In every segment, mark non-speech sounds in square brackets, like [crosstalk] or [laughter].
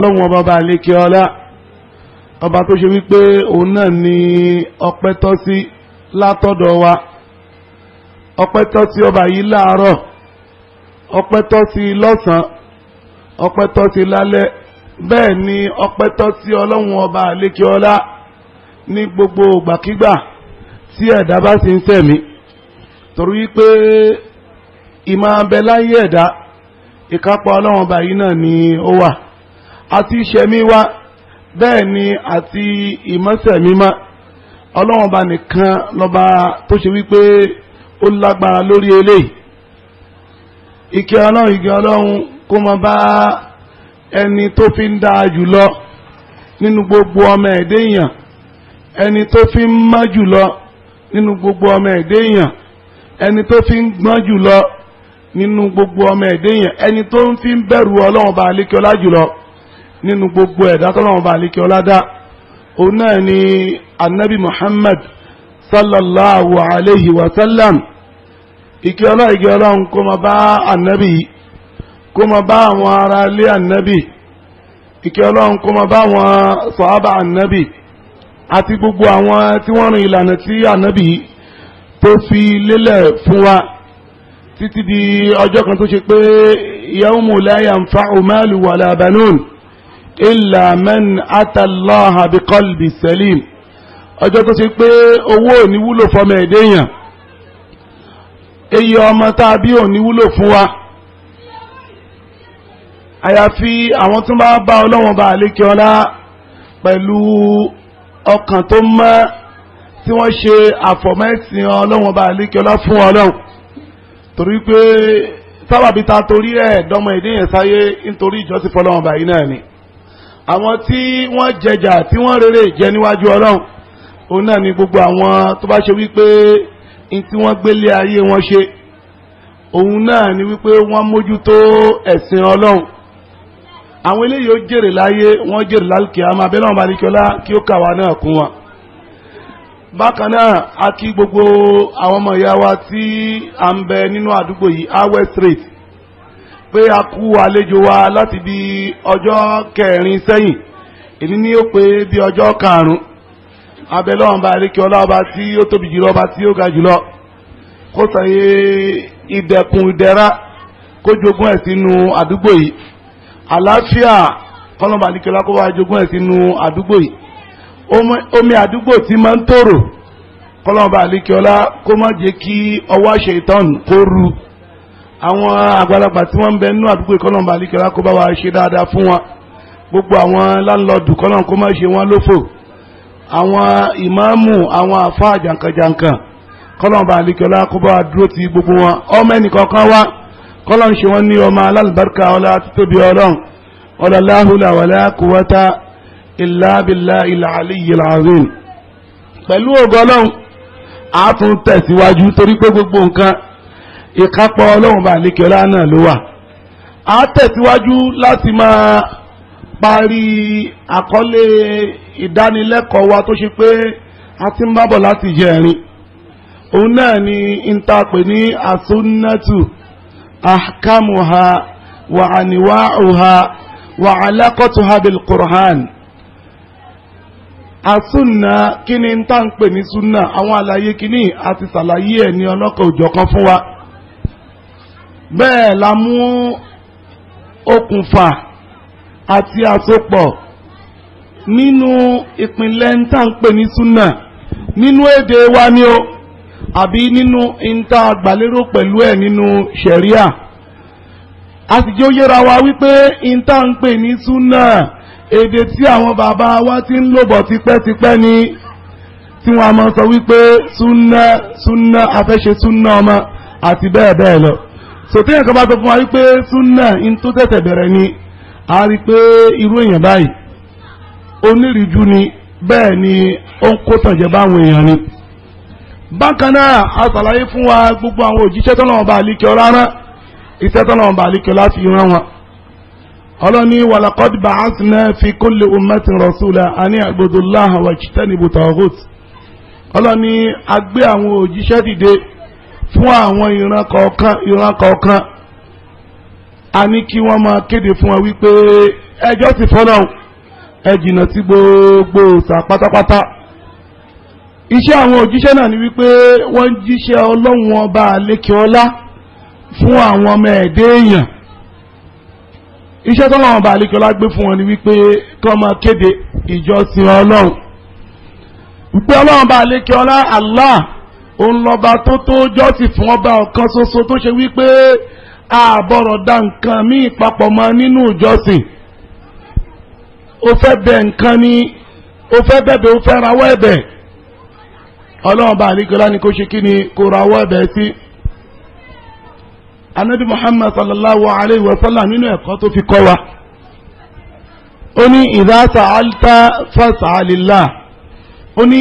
ọlọ́run ọba bá lékè ọlá ọba tó ṣe wípé òun náà ni ọpẹ́ tọ́ sí látọ̀dọ̀ wa ọpẹ́ tọ́ sí ọba yìí láàárọ̀ ọpẹ́ tọ́ sí lọ́sàn-án ọpẹ́ tọ́ sí lálẹ́ bẹ́ẹ̀ ni ọpẹ́ tọ́ sí ọlọ́run ọba lékè ọlá ní gbogbo ìgbàkígbà tí ẹ̀dá bá sì ń sẹ̀mí torí wípé ìmọ̀ abẹ́láyé ẹ̀dá ìkápá ọlọ́run ọba yìí náà ni ó wà àti ìṣẹ̀mí wa bẹ́ẹ̀ ni àti ìmọ́sẹ̀mímọ́ ọlọ́wọ́n ba nìkan lọ́ba tó ṣe wípé ó lágbára lórí eléyìí ìkẹ́ ọlọ́run ìkẹ́ ọlọ́run kó máa bá ẹni tó fi ń dáa jùlọ nínú gbogbo ọmọ ẹ̀dẹ́ èèyàn ẹni tó fi ń mọ́ jùlọ nínú gbogbo ọmọ ẹ̀dẹ́ èèyàn ẹni tó fi ń gbọ́n jùlọ nínú gbogbo ọmọ ẹ̀dẹ́ èèyàn ẹni tó ń fi ń bẹ̀rù ọlọ́run bá alékẹ́ ọlá jùlọ nínú gbogbo ẹ̀dá tọ́lọ́wọ́n bá àlékè ọládá òun náà ni anabi muhammad sallallahu alayhi wa sallam ìkẹ́ ọlọ́run ìkẹ́ ọlọ́run kó máa bá anabi kó máa bá àwọn ará ilé anabi ìkẹ́ ọlọ́run kó máa bá àwọn sàhábà anabi àti gbogbo àwọn tí wọ́n rìn ìlànà tí anabi tó fi lélẹ̀ fún wa títí di ọjọ́ kan tó ṣe pé yawmu la yanfa'u malu wala إلا من أتى الله بقلب سليم ọjọ́ tó ṣe pé owó ò ní wúlò fọmọ ẹ̀dẹ́ èèyàn eye ọmọ tá a bí ò ní wúlò fún wa àyàfi àwọn tó bá bá ọlọ́wọ́n bá àlékè ọlá pẹ̀lú ọkàn tó mọ́ tí wọ́n ṣe àfọ̀mẹ́sìn ọlọ́wọ́n bá àlékè ọlá fún ọlọ́run torí pé sábàbí ta torí ẹ̀ dọ́mọ ẹ̀dẹ́ yẹn sáyé nítorí ìjọsìn fọlọ́wọ́n bá náà ni àwọn tí wọ́n jẹjà tí wọ́n rere jẹ níwájú ọlọ́run òun náà ni gbogbo àwọn tó bá ṣe wípé n tí wọ́n gbélé ayé wọn ṣe òun náà ni wípé wọ́n mójútó ẹ̀sìn ọlọ́run àwọn eléyìí ó jèrè láyé wọ́n jèrè lálùkìyámà abẹ́lẹ́ wọn bá ní kíọ́lá kí ó kà wá náà kún wọn. bákan náà a kí gbogbo àwọn ọmọ ìyá wa tí à ń bẹ nínú àdúgbò yìí awẹ́ street pé a kú àlejò wa láti bí ọjọ́ kẹrin sẹ́yìn èyí ni ó pé bí ọjọ́ karùn-ún abẹ́lẹ́ ọ̀nba àríkẹ́ ọlọ́ọ̀ba tí ó tóbi jùlọ ọba tí ó ga jùlọ kó sàyé ìdẹ̀kùn ìdẹ̀ra kó jogún ẹ̀ sínú àdúgbò yìí àlàáfíà kọ́lọ́ọ̀ba àríkẹ́ ọlọ́ọ̀ba jogún ẹ̀ sínú àdúgbò yìí omi àdúgbò tí máa ń tòrò kọ́lọ́ọ̀ba àríkẹ́ ọlá kó má jẹ́ kí ọwọ́ àṣẹ ìtàn kó ru àwọn àgbàlagbà tí wọ́n ń bẹ nínú àdúgbò ìkọlọ́mbà àlìkẹ́lá kó bá wa ṣe dáadáa fún wọn gbogbo àwọn láńlọ́ọ̀dù kọ́lọ́n kó má ṣe wọ́n lófò àwọn ìmáàmù àwọn àfa jàǹkànjàǹkàn kọ́lọ́mbà àlìkẹ́lá kó bá wa dúró ti gbogbo wọn ọmọ ẹnìkọ̀ọ̀kan wá kọ́lọ́n ṣe wọ́n ní ọmọ alálùbáríkà ọlá títóbi ọlọ́run ọlá láhùlà wàlá kúwọ́tà ìlà bìlà ìlà àlìyé làárín pẹ̀lú torí pé gbogbo nǹkan ìkápọ̀ ọlọ́run bá lékeọlá náà ló wà a tẹ̀síwájú láti máa parí àkọlé ìdánilẹ́kọ̀ọ́ wa tó ṣe pé a ti ń bábọ̀ láti jẹrin òun náà ni ìntàpè ní àsúnnátù ahkamuha wa aniwa'uha wa alaqatuha bil qur'an àsúnna kí ni ìntàpè ní súnna àwọn àlàyé kìíní àti sàlàyé ẹ̀ ní ọlọ́kọ̀ òjọ̀kan fún wa bẹ́ẹ̀ la mú okùnfà àti àsopọ̀ nínú ìpínlẹ̀ ńta ń pè ní súnà nínú èdè wa ni o àbí nínú ńta àgbàlérò pẹ̀lú ẹ̀ nínú ṣẹ̀ríà a sì jẹ́ ó yẹra wa wípé ńta ń pè ní súnà èdè tí àwọn bàbá wa ti ń lòbọ̀ tipẹ́tipẹ́ ni tí wọ́n a máa sọ wípé súnà súnà afẹ́ṣe súnà ọmọ àti bẹ́ẹ̀ bẹ́ẹ̀ lọ sòtẹ́ yẹn kan bá sọ fún wa wípé súnà ń tó tẹ̀sẹ̀ bẹ̀rẹ̀ ni a rí pé irú èèyàn báyìí onírìíjú ni bẹ́ẹ̀ ni ó ń kó tànjẹ́ báwọn èèyàn ni. bákan náà a ṣàlàyé fún wa gbogbo àwọn òjíṣẹ́ tó náà bá àlíkẹ́ ọ iṣẹ́ tó náà bá àlíkẹ́ láti ran wọn. ọlọ́ni walaqad ba'athna fi kulli ummatin rasula ani a'budullaha wajtanibu taghut. ọlọ́ni a àwọn òjíṣẹ́ dìde fún àwọn ìran kọ̀ọ̀kan ìran kọ̀ọ̀kan a ní kí wọ́n máa kéde fún wa wípé ẹjọ́ sì fọ́lọ́hùn ẹ jìnnà sí gbogbo òòṣà pátápátá iṣẹ́ àwọn òjíṣẹ́ náà ni wípé wọ́n jíṣẹ́ ọlọ́run ọba àlékè ọlá fún àwọn ọmọ ẹ̀dẹ́ èèyàn iṣẹ́ tọ́lọ́run ọba àlékè ọlá gbé fún wọn ni wípé kí wọ́n máa kéde ìjọsìn ọlọ́run wípé ọlọ́run ọba àlékè ọlá Allah òun lọ́ba tó tó jọ́sìn fún ọba ọ̀kan ṣoṣo tó ṣe wípé àbọ̀rọ̀ da nǹkan míì papọ̀ mọ́ nínú ìjọsìn ó fẹ́ bẹ̀ nǹkan ni ó fẹ́ bẹ̀bẹ̀ ó fẹ́ rawọ́ ẹ̀bẹ̀ ọlọ́run bá àríkọlá ni kò ṣe kí ni kò rawọ́ ẹ̀bẹ̀ sí. anabi muhammad sallallahu alayhi wa sallam nínú ẹ̀kọ́ tó fi kọ́ wa ó ní ìdá sa'alta fas'alillah ó ní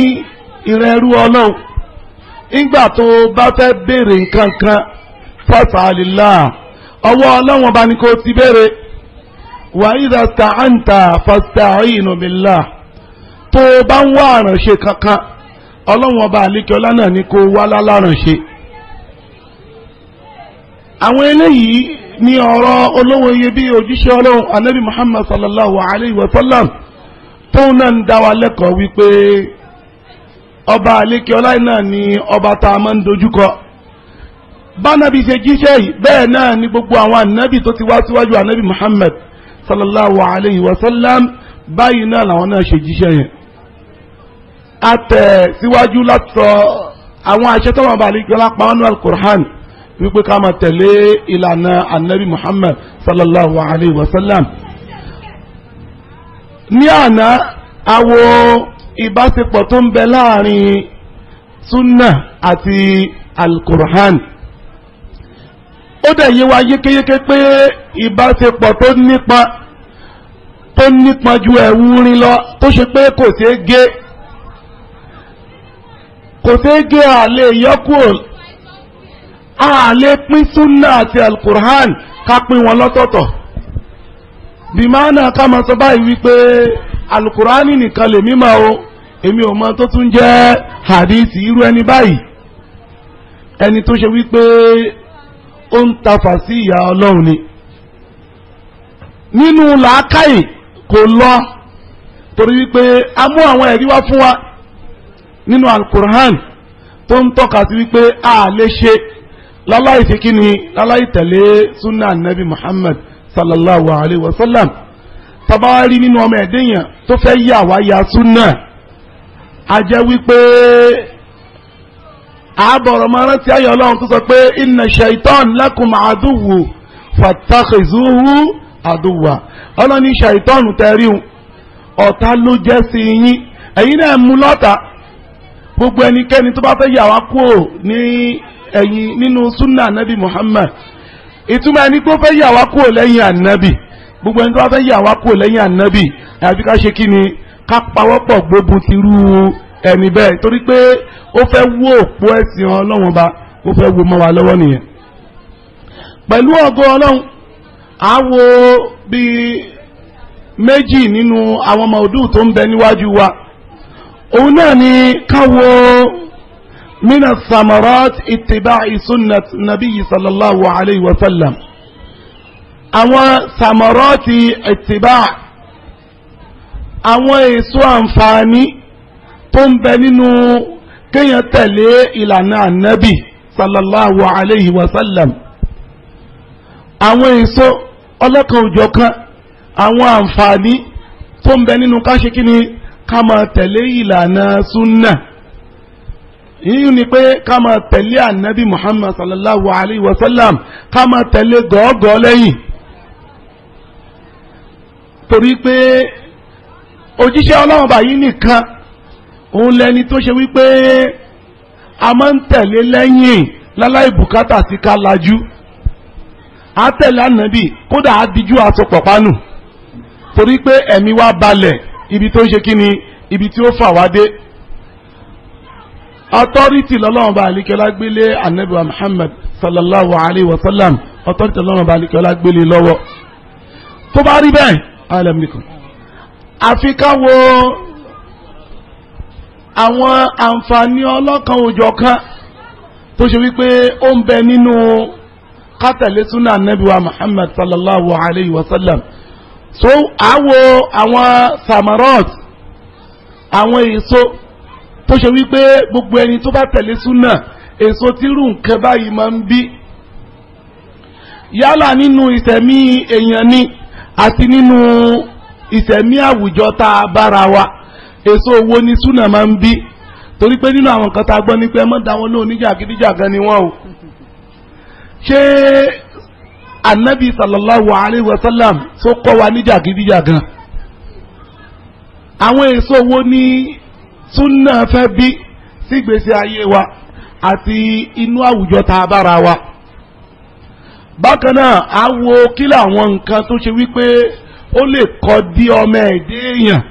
ìrẹ́rú ọlọ́run ńgbà tó bá fẹ́ béèrè nǹkan kan fasalillah ọwọ́ ọlọ́wọ́n bá ní kó ti béèrè wa idha sta'anta fasta'inu billah tó bá ń wá àrànṣe kankan ọlọ́wọ́n bá àlékẹ́ ọlá náà ní kó wá lálárànṣe. àwọn eléyìí ni ọ̀rọ̀ olówó iyebíye òjíṣẹ́ ọlọ́run anabi muhammad sallallahu alayhi wa sallam tóun náà ń dá wa lẹ́kọ̀ọ́ wípé ọba àlékè ọláì náà ni ọba tá a máa ń dojúkọ bánabi ṣe jíṣẹ́ yìí bẹ́ẹ̀ náà ni gbogbo àwọn ànábì tó ti wá síwájú ànábì Muhammad sallallahu alayhi wa sallam báyìí náà làwọn náà ṣe jíṣẹ́ yẹn atẹ̀ síwájú látọ̀ àwọn àṣẹ tó wọn bá àlékè ọlá pa wọn ní alukur'an wípé ká máa tẹ̀lé ìlànà ànábì Muhammad sallallahu alayhi wa sallam ní àná awo ìbáṣepọ̀ tó ń bẹ láàrin sunna àti alukur'an ó dẹ̀ yé wa yékéyéké pé ìbáṣepọ̀ tó nípa tó nípa ju ẹ̀wù rin lọ tó ṣe pé kò ṣeé gé kò ṣeé gé àlè yọkùn àlè pín sunna àti alukur'an ká pín wọn lọ́tọ̀ọ̀tọ̀ bìmánà ká máa sọ báyìí wípé alukurani nìkan lè mímọ̀ o èmi ò mọ tó tún jẹ́ hadith irú ẹni báyìí ẹni tó ṣe wípé ó ń tafà sí ìyá ọlọ́run ni nínú làákàyè kò lọ torí wípé a mú àwọn ẹ̀rí wá fún wa nínú alukurani tó ń tọ́ka sí wípé a lè ṣe láláì ṣe kí ni láláì tẹ̀lé sunna nabi muhammad sallallahu alayhi wa sallam tọba rí nínú ọmọ ẹ̀dẹ́yàn tó fẹ́ yà wá ya súnà a jẹ́ wípé àbọ̀rọ̀ máa rántí ayọ̀ ọlọ́run tó sọ pé inna shaitan lakum àdúwò fàtàkìzúhù àdúwà ọlọ́ni shaitan tẹ̀ríhùn ọ̀tá ló jẹ́ sí yín ẹ̀yin náà mú lọ́tà gbogbo ẹnikẹ́ni tó bá fẹ́ yà wá kúrò ní ẹ̀yìn nínú súnà nabi Muhammad ìtumọ̀ ẹni tó fẹ́ yà wá kúrò lẹ́yìn ànábì gbogbo ẹni tó bá fẹ́ yà wá kúrò lẹ́yìn ànábì àyàfi ká ṣe kí ni ká pawọ́pọ̀ gbógun ti rú ẹni bẹ́ẹ̀ torí pé ó fẹ́ wó òpó ẹ̀sìn ọlọ́run ba ó fẹ́ wo mọ́ wa lọ́wọ́ nìyẹn. pẹ̀lú ògo ọlọ́run á wo bíi méjì nínú àwọn ọmọ òdù tó ń bẹ níwájú wa òun náà ni ká wo mina samarat itiba isunat nabi sallallahu alayhi wa sallam àwọn sàmọ̀rọ́ọ̀tì ẹ̀tìbá àwọn èso àǹfààní tó ń bẹ nínú kéèyàn tẹ̀lé ìlànà ànábì sallallahu alayhi wa sallam àwọn èso ọlọ́kan òjọ̀kan àwọn àǹfààní tó ń bẹ nínú káṣe kí ni ká máa tẹ̀lé ìlànà súnà yíyún ni pé ká máa tẹ̀lé ànábì muhammad sallallahu alayhi wa sallam ká máa tẹ̀lé gọ́ọ̀gọ́ lẹ́yìn torí pé òjíṣẹ́ ọlọ́run báyìí nìkan òun lẹni tó ṣe wípé a máa ń tẹ̀lé lẹ́yìn láláì bùkátà sí ká lajú a tẹ̀lé ànábì kódà a dijú àsopọ̀ pánù torí pé ẹ̀mí wa balẹ̀ ibi tó ń ṣe kí ni ibi tí ó fà wá dé authority lọ́lọ́run bá alikẹ́lá gbélé anabi wa muhammad sallallahu alayhi wa sallam authority lọ́lọ́run bá alikẹ́lá gbélé lọ́wọ́ tó bá rí bẹ́ẹ̀ alam bikum àfi ká wo àwọn àǹfààní ọlọ́kan òjọ̀kan tó ṣe wípé ó ń bẹ nínú kátàlẹ́ súnà anábìwá Muhammad sallallahu alayhi wa sallam so àwo àwọn samarot àwọn èso tó ṣe wípé gbogbo ẹni tó bá tẹ̀lé súnà èso tírú nǹkan báyìí máa ń bí yálà nínú ìtẹ̀mí èèyàn ni. àti nínú ìsẹ̀mí àwùjọ tá a bára wa èso owó ni súnà máa ń bí torí pé nínú àwọn kan tá a gbọ́ ni pé ẹ mọ́ da wọn lóhùn ni wọ́n o ṣé anabi sallallahu alayhi wa sallam tó kọ́ wa níjàgídíjàgan àwọn èso wo ni súnà fẹ́ bí sígbèsè ayé wa àti inú àwùjọ tá a bára wa. bákan náà a wo kí làwọn nǹkan tó ṣe wípé ó lè kọ dí ọmọ ẹ̀dẹ́ èèyàn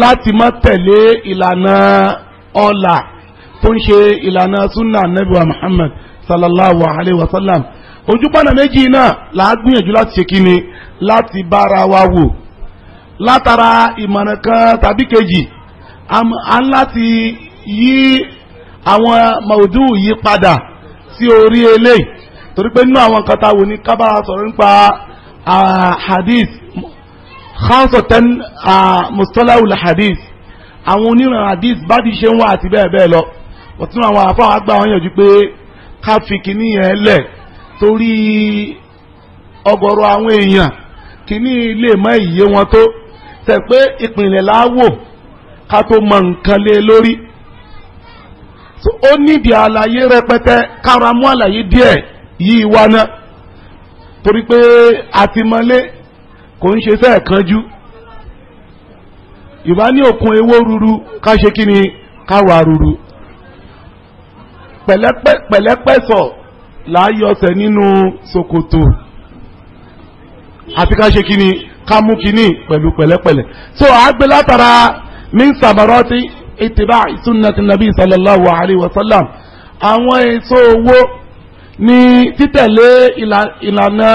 láti má tẹ̀lé ìlànà ọlà tó ń ṣe ìlànà sunna nabi wa muhammad sallallahu alayhi wa sallam ojúpọ̀nà méjì náà là á láti ṣe kí ni láti bára wa wò látara ìmọ̀ràn kan tàbí kejì a ń láti yí àwọn maudu yí padà sí orí eléyìí torí pé nínú àwọn nǹkan tá a wò ní kábàrà sọ̀rọ̀ nípa hadith khansatan mustalahul hadith àwọn oníran hadith bá ti ṣe ń wá àti bẹ́ẹ̀ bẹ́ẹ̀ lọ wọ́n tún àwọn àfáà àgbà wọn yànjú pé ká fi kìíní yẹn lẹ̀ torí ọ̀gọ̀rọ̀ àwọn èèyàn kìíní lè mọ ìyé wọn tó tẹ̀ pé ìpìlẹ̀ láwò ká tó mọ nǹkan lé lórí ó nídìí àlàyé rẹpẹtẹ kára mú àlàyé díẹ̀ yí wa náà torí pé àtìmọ́lé kò ń ṣe sẹ́ẹ̀ kanjú ìbá ní òkun ewó ruru ká ṣe kí ni ká wà ruru pẹ̀lẹ́pẹ̀sọ̀ là á yọsẹ̀ nínú ṣòkòtò àti ká ṣe kí ni ká mú kí ni pẹ̀lú pẹ̀lẹ́pẹ̀lẹ́ so àgbẹ̀ látara min samarati itiba sunnati nabi sallallahu alayhi wa sallam àwọn èso owó ní títẹ̀lé ìlànà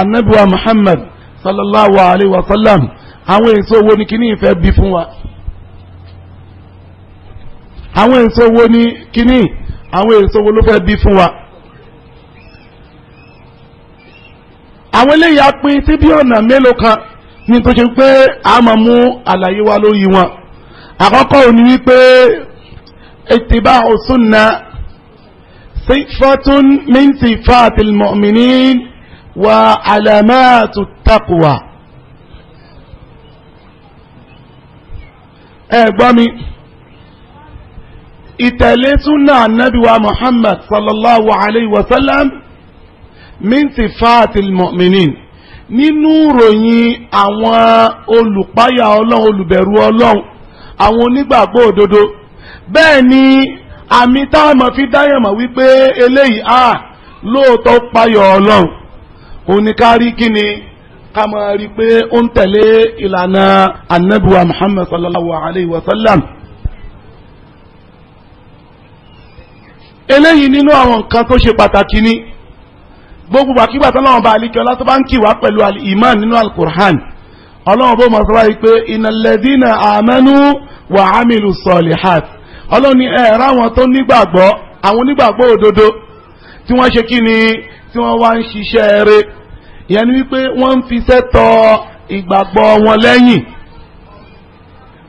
anabiwa Muhammad sallallahu alayhi wa sallam àwọn èso wo ni kíní ìfẹ́ bí fún wa àwọn èso wo ni kíní àwọn èso wo ló fẹ́ bí fún wa. àwọn eléyìí á pín sí bí ọ̀nà mélòó kan ní tó ṣe pé a máa mú àlàyé wa lórí wọn àkọ́kọ́ òní wípé ìtìbá òsùn náà. صفة من صفات المؤمنين وعلامات التقوى ẹgbọ́mi ìtẹ̀lé súnà ànábìwá Muhammad sallallahu alayhi wa sallam min sifati al-mu'minin nínú ròyìn àwọn olùpáyà ọlọ́run olùbẹ̀rù ọlọ́run àwọn onígbàgbọ́ òdodo bẹ́ẹ̀ ni àmì tá a mọ̀ fi dáyàn mọ̀ wípé eléyìí a lóòótọ́ payọ̀ ọlọ́run oníkárí kí ni ká máa rí i pé ó ń tẹ̀lé ìlànà anabiwa muhammad sallallahu alayhi wa sallam. eléyìí nínú àwọn nǹkan tó ṣe pàtàkì ni gbogbo àkígbà tó lọ́wọ́ bá alikẹ́ ọlá bá ń kì wá pẹ̀lú al nínú al ọlọ́wọ́ bó mọ̀ sọ́wọ́ yìí pé innal ladina amanu wa ọlọ́run ní àwọn tó nígbàgbọ́ àwọn onígbàgbọ́ òdodo tí wọ́n ṣe kí ni tí wọ́n wá ń ṣiṣẹ́ eré ìyẹn ni wípé wọ́n ń fi sẹ́tọ̀ ìgbàgbọ́ wọn lẹ́yìn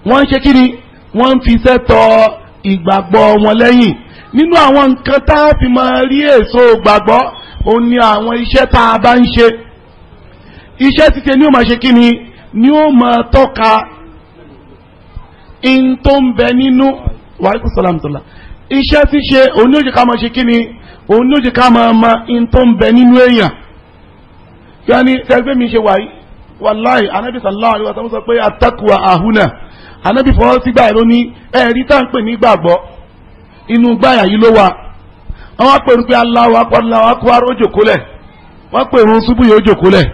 wọ́n ń ṣe kí ni wọ́n ń fi sẹ́tọ̀ ìgbàgbọ́ wọn lẹ́yìn nínú àwọn nǹkan tá a fi máa rí èso gbàgbọ́ òun ni àwọn iṣẹ́ tá a bá ń ṣe iṣẹ́ títẹ ni ó máa ṣe kí ni ni ó máa tọ́ka in tó ń bẹ nínú wàhálà sàlámù iṣẹ́ ṣíṣe òun ká máa ṣe kí ni ká máa ma in tó ń bẹ nínú èèyàn ni mi ṣe wáyé wàláì anábì sallallahu alaihi wasallam sọ pé atakuwa àhúnà anábì fọwọ́ sí ló ní ẹ̀rí tá à ń pè ní gbàgbọ́ inú gbàyà yìí ló wà àwọn apẹ̀rù pé jòkólẹ̀ wọ́n jòkólẹ̀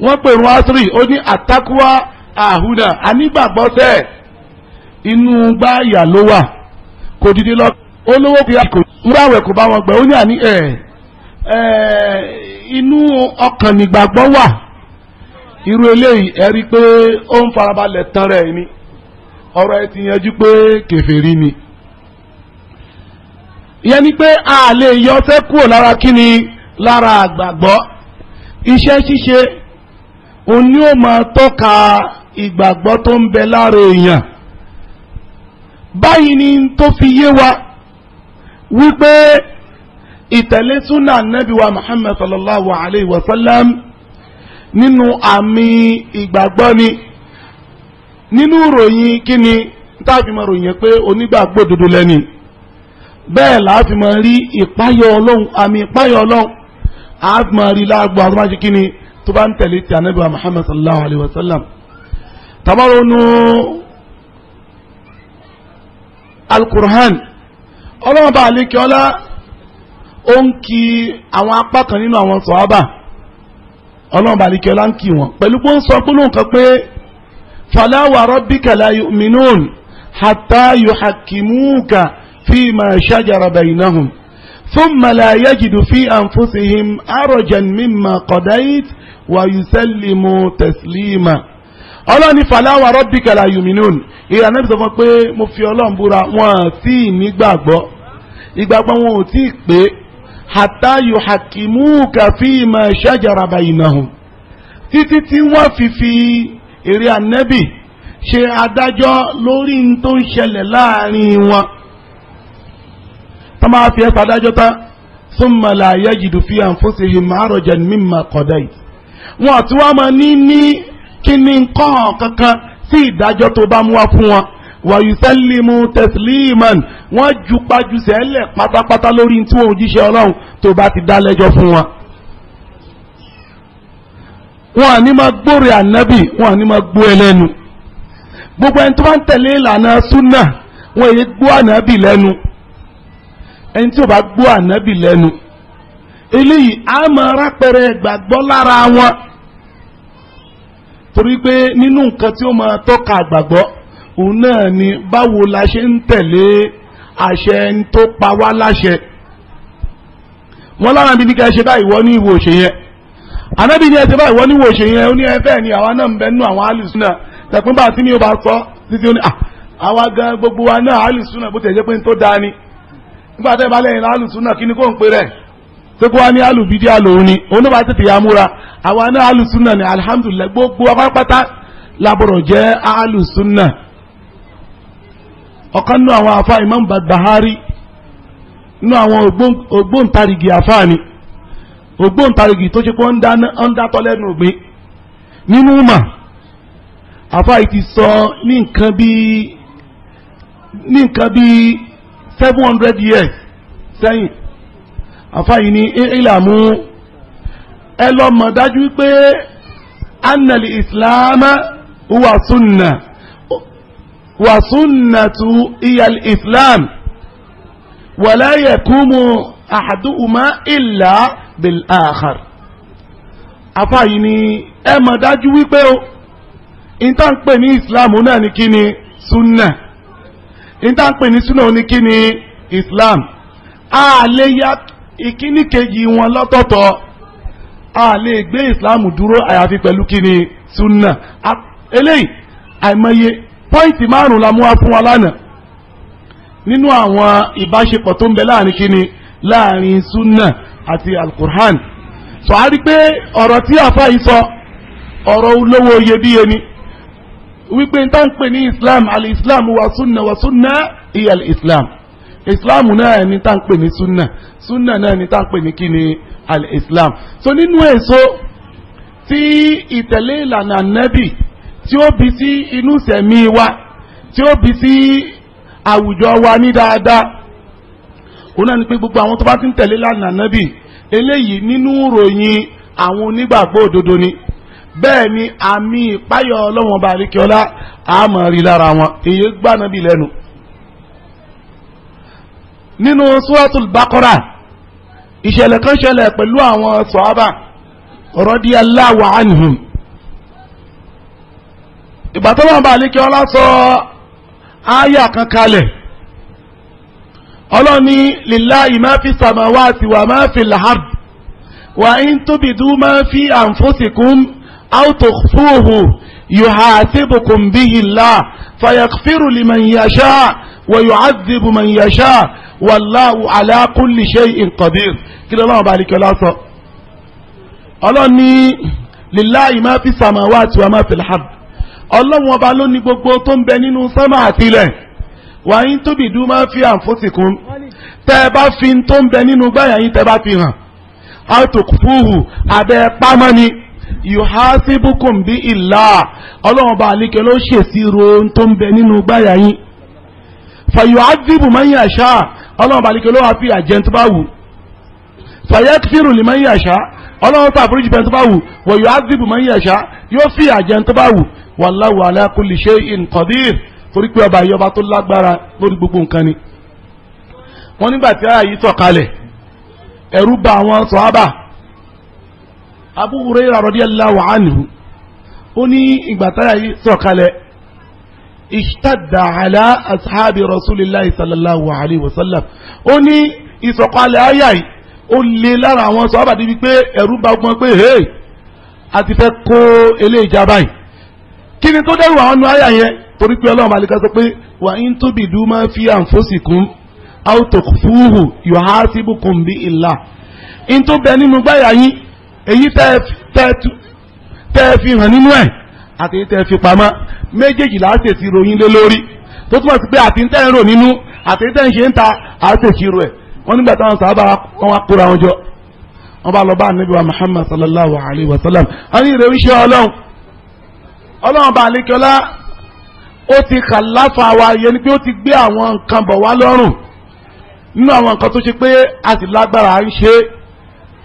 wọ́n àhúnà anígbàgbọ́ tẹ̀ inú gbáàyà ló wà kò dìde lọ olówó kò yá kò kò bá wọn gbẹ ó ní àní ẹ ẹ̀ inú ọkàn nígbàgbọ́ wà irú eléyìí ẹ rí i pé ó ń farabalẹ̀ tán ti yanjú pé ni ìyẹn ni a lè yọ ọsẹ kúrò lára kíni lára àgbàgbọ́ iṣẹ́ ṣíṣe ìgbàgbọ́ tó ń bẹ lára èèyàn báyìí ni tó fi yé wa wípé ìtẹ̀lé súnà nàbí wa muhammad sallallahu alayhi wa sallam nínú àmì ìgbàgbọ́ ni nínú ròyìn kíni táàfin máa ròyìn pé onígbàgbọ́ òdodo lẹ́ni bẹ́ẹ̀ láàfin máa rí ìpáyọ̀ ọlọ́run àmì ìpáyọ̀ ọlọ́run àáfin máa rí láàgbọ̀ àwọn máa ṣe kíni tó bá ń tẹ̀lé ti ànábì wa muhammad sallallahu alayhi wa sallam tabaronú alukur'an ọlọ́wọ́n bá àlékè ọlá ó ń kí àwọn apá kan nínú àwọn sọ̀hábà ọlọ́wọ́n bá àlékè ọlá ń kí wọn pẹ̀lú pé ó ń sọ gbólóhùn kan pé fala wa rabbika la yu'minun hatta yuhakkimuka fima shajara baynahum thumma la yajidu fi anfusihim arajan mimma qadayt wa yusallimu taslima ọlọ́run ní fàlàwà rabbika la yuminun ìyá náà sọ fún pé mo fi ọlọ́run búra wọn ò tí ì nígbàgbọ́ ìgbàgbọ́ wọn ò tí ì pé hatta yuhakimuka fima shajara bainahum títí tí wọ́n fi fi èrè ànẹ́bì ṣe adájọ́ lórí n tó ń ṣẹlẹ̀ láàrin wọn tọ́ máa fi ẹ́ padájọ́ tán summa la yajidu fi anfusihim harajan mimma qadayt wọn àti wọn máa ní ní kíní nǹkan kankan sí ìdájọ́ tó bá mú wá fún wọn wàyùsẹ́lìmù tẹ̀sílìmọ̀n wọ́n ju pajùsẹ̀ lẹ̀ pátápátá lórí tí wọ́n jíṣẹ́ ọlọ́run tó bá ti dá lẹ́jọ́ fún wọn. wọn àní máa gbóre ànábì wọn àní máa gbó ẹlẹ́nu gbogbo ẹni tó bá ń tẹ̀lé ìlànà súnà wọn èyí gbó ànábì lẹ́nu ẹni tí ò bá gbó ànábì lẹ́nu eléyìí á máa rápẹrẹ gbàgbọ́ lára wọn torí pé nínú nǹkan tí ó máa tọ́ka àgbàgbọ́ òun náà ni báwo la ṣe ń tẹ̀lé àṣẹ tó pa wá láṣẹ wọn lára bí ní ká ṣe báyìí wọ́n ní ìwò òṣè yẹn anábì ní ẹsẹ̀ báyìí wọ́n ní ìwò òṣè yẹn ó ní ẹfẹ́ ni àwa náà ń bẹ nínú àwọn alìsúnà tẹ̀pín bá tí ní o bá sọ títí ó ní ah, àwa gan gbogbo wa náà alìsúnà bó tẹ̀ jẹ́ pé ń tó dáa ni nígbà tẹ́ tó kó wa ní alùbídí àlòun ni oníbà tètè ya múra àwa náà alùsùnà ni alihamudulilayi gbogbo apátápátá labọ̀rọ̀ jẹ́ alùsùnà ọ̀kan nínú àwọn afa imam Barbahari nínú àwọn ògbóǹtarìgì afa ni ògbóǹtarìgì tó ṣe pé ń dátọ́ lẹ́nu ògbé nínú mà afa yìí ti sọ ní nǹkan bíi ní nǹkan bíi seven hundred years sẹ́yìn àfáyìí ní ìlàmú ẹ lọ mọ̀ dájú pé annali islam wà súnà wà súnà tu iyal islam wala yakumu ahaduhuma illa bil akhar àfáyìí ní ẹ mọ̀ dájú wípé o ìta ń ní islam náà ní kí súnà ìta ní súnà ní kí ni a lè yàtọ̀ ìkíní kejì wọn lọ́tọ̀ọ̀tọ̀ a lè gbé ìsìláàmù dúró àyàfi pẹ̀lú kíni sunna eléyìí àìmọye pọ́ìntì márùn-ún la mú wá fún wa lánàá nínú àwọn ìbáṣepọ̀ tó ń bẹ láàrin kíni láàrin sunna àti alukur'an sọ a rí pé ọ̀rọ̀ tí àfa yìí sọ ọ̀rọ̀ olówó iyebíye ni wípé n tá ń pè ní islam al islam wa sunna wa sunna iyal islam islam náà ni tá ń pè ní sunna sunna náà ni tá ń pè ní kíni al-islam so nínú èso tí ìtẹ̀lé ìlànà nẹ́bì tí ó bí sí inú sẹ̀mí wa tí ó bí sí àwùjọ wa ní dáadáa òun náà ni pé gbogbo àwọn tó bá ti ń tẹ̀lé ìlànà nẹ́bì eléyìí nínú ìròyìn àwọn onígbàgbọ́ òdodo ni bẹ́ẹ̀ ni àmì ìpáyọ̀ ọlọ́wọ́n bá rí kí ọlá àmọ̀ rí lára wọn èyí gbà nábì lẹ́nu nínú suratul baqara ìṣẹ̀lẹ̀ kan ṣẹlẹ̀ pẹ̀lú àwọn sọ̀hábà radiyallahu anhum ìgbà tó wọn bá àlékè ọlá sọ ááyà kan kalẹ̀ ọlọ́ni lillahi ma fi samawati wa ma fi al-ard wa in tubidu ma fi anfusikum aw tukhfuhu yuhasibukum bihi Allah fayaghfiru liman yasha wa yu'adhibu man yasha wallahu ala kulli shay'in qadir kí ló lọ́wọ́ bá ní kí ọlá sọ. ọlọ́run ní lillahi ma fi samawati wa ma fil ard ọlọ́run ọba ló ní gbogbo tó ń bẹ nínú sánmà àtìlẹ̀ wa in tubdu ma fi anfusikum tẹ́ ẹ bá fi tó ń bẹ nínú gbáyà yín tẹ́ bá fi hàn aw abẹ́ pámọ́ni yuhasibukum bi illah ọlọ́run ọba àlíkẹ́ ló ṣèṣirò tó ń bẹ nínú gbáyà yín fàyọ̀ ádìbù máa ń yà ṣá ọlọ́run balẹ̀kẹ́ ló wà fi àjẹ́ tó bá wù fàyẹ́ kírù lè máa ń yà ṣá ọlọ́run tó àforíjì bẹ́ẹ̀ tó bá wù wọ̀yọ̀ ádìbù máa ń yà ṣá yóò fi àjẹ́ bá wù wallahu ala kulli shay'in qadir torí pé ọba ìyọba tó lágbára lórí gbogbo nǹkan ni. wọ́n nígbà tí ààyè sọ̀kalẹ̀ ẹ̀rú bà àwọn sọ̀hábà Abu Hurairah radiyallahu anhu ó ní ìgbà táyà yìí sọ̀kalẹ̀ ìṣtàdà على asáàbì رسول الله صلى الله عليه وسلم ní ìsọ̀kalẹ̀ àyà yìí ó lé lára àwọn sọ́ọ́bà débi pé ẹ̀rú bá gbọ́n pé hey a ti fẹ́ kó eléyìí já báyìí kí ni tó dẹ́rù àwọn ọ̀nà àyà yẹn torí pé ọlọ́run balẹ̀ ká sọ pé wà ń tóbi fi anfusikum aw tukfuhu yuhasibukum bi illah ń tó bẹ nínú gbáyà yín èyí tẹ́ ẹ fi hàn nínú ẹ̀ àti tẹ́ fi pamọ́ méjèèjì là á ṣèṣì ròyìn lé lórí tó túmọ̀ sí pé àti tẹ́ ń rò nínú àti tẹ́ ń ṣe ń ta à á ṣèṣì rò ẹ̀ wọ́n nígbà táwọn sábà wọn wá kóra wọn jọ wọn bá lọ bá ànábì wa Muhammad sallallahu alayhi wa sallam wọn ní ìrèwé ṣe ọlọ́run ọlọ́run bá àlékiọlá ó ti kàláfà wa yẹn ni pé ó ti gbé àwọn nǹkan bọ̀ wá lọ́rùn nínú àwọn nǹkan tó ṣe pé a sì lágbára à ń ṣe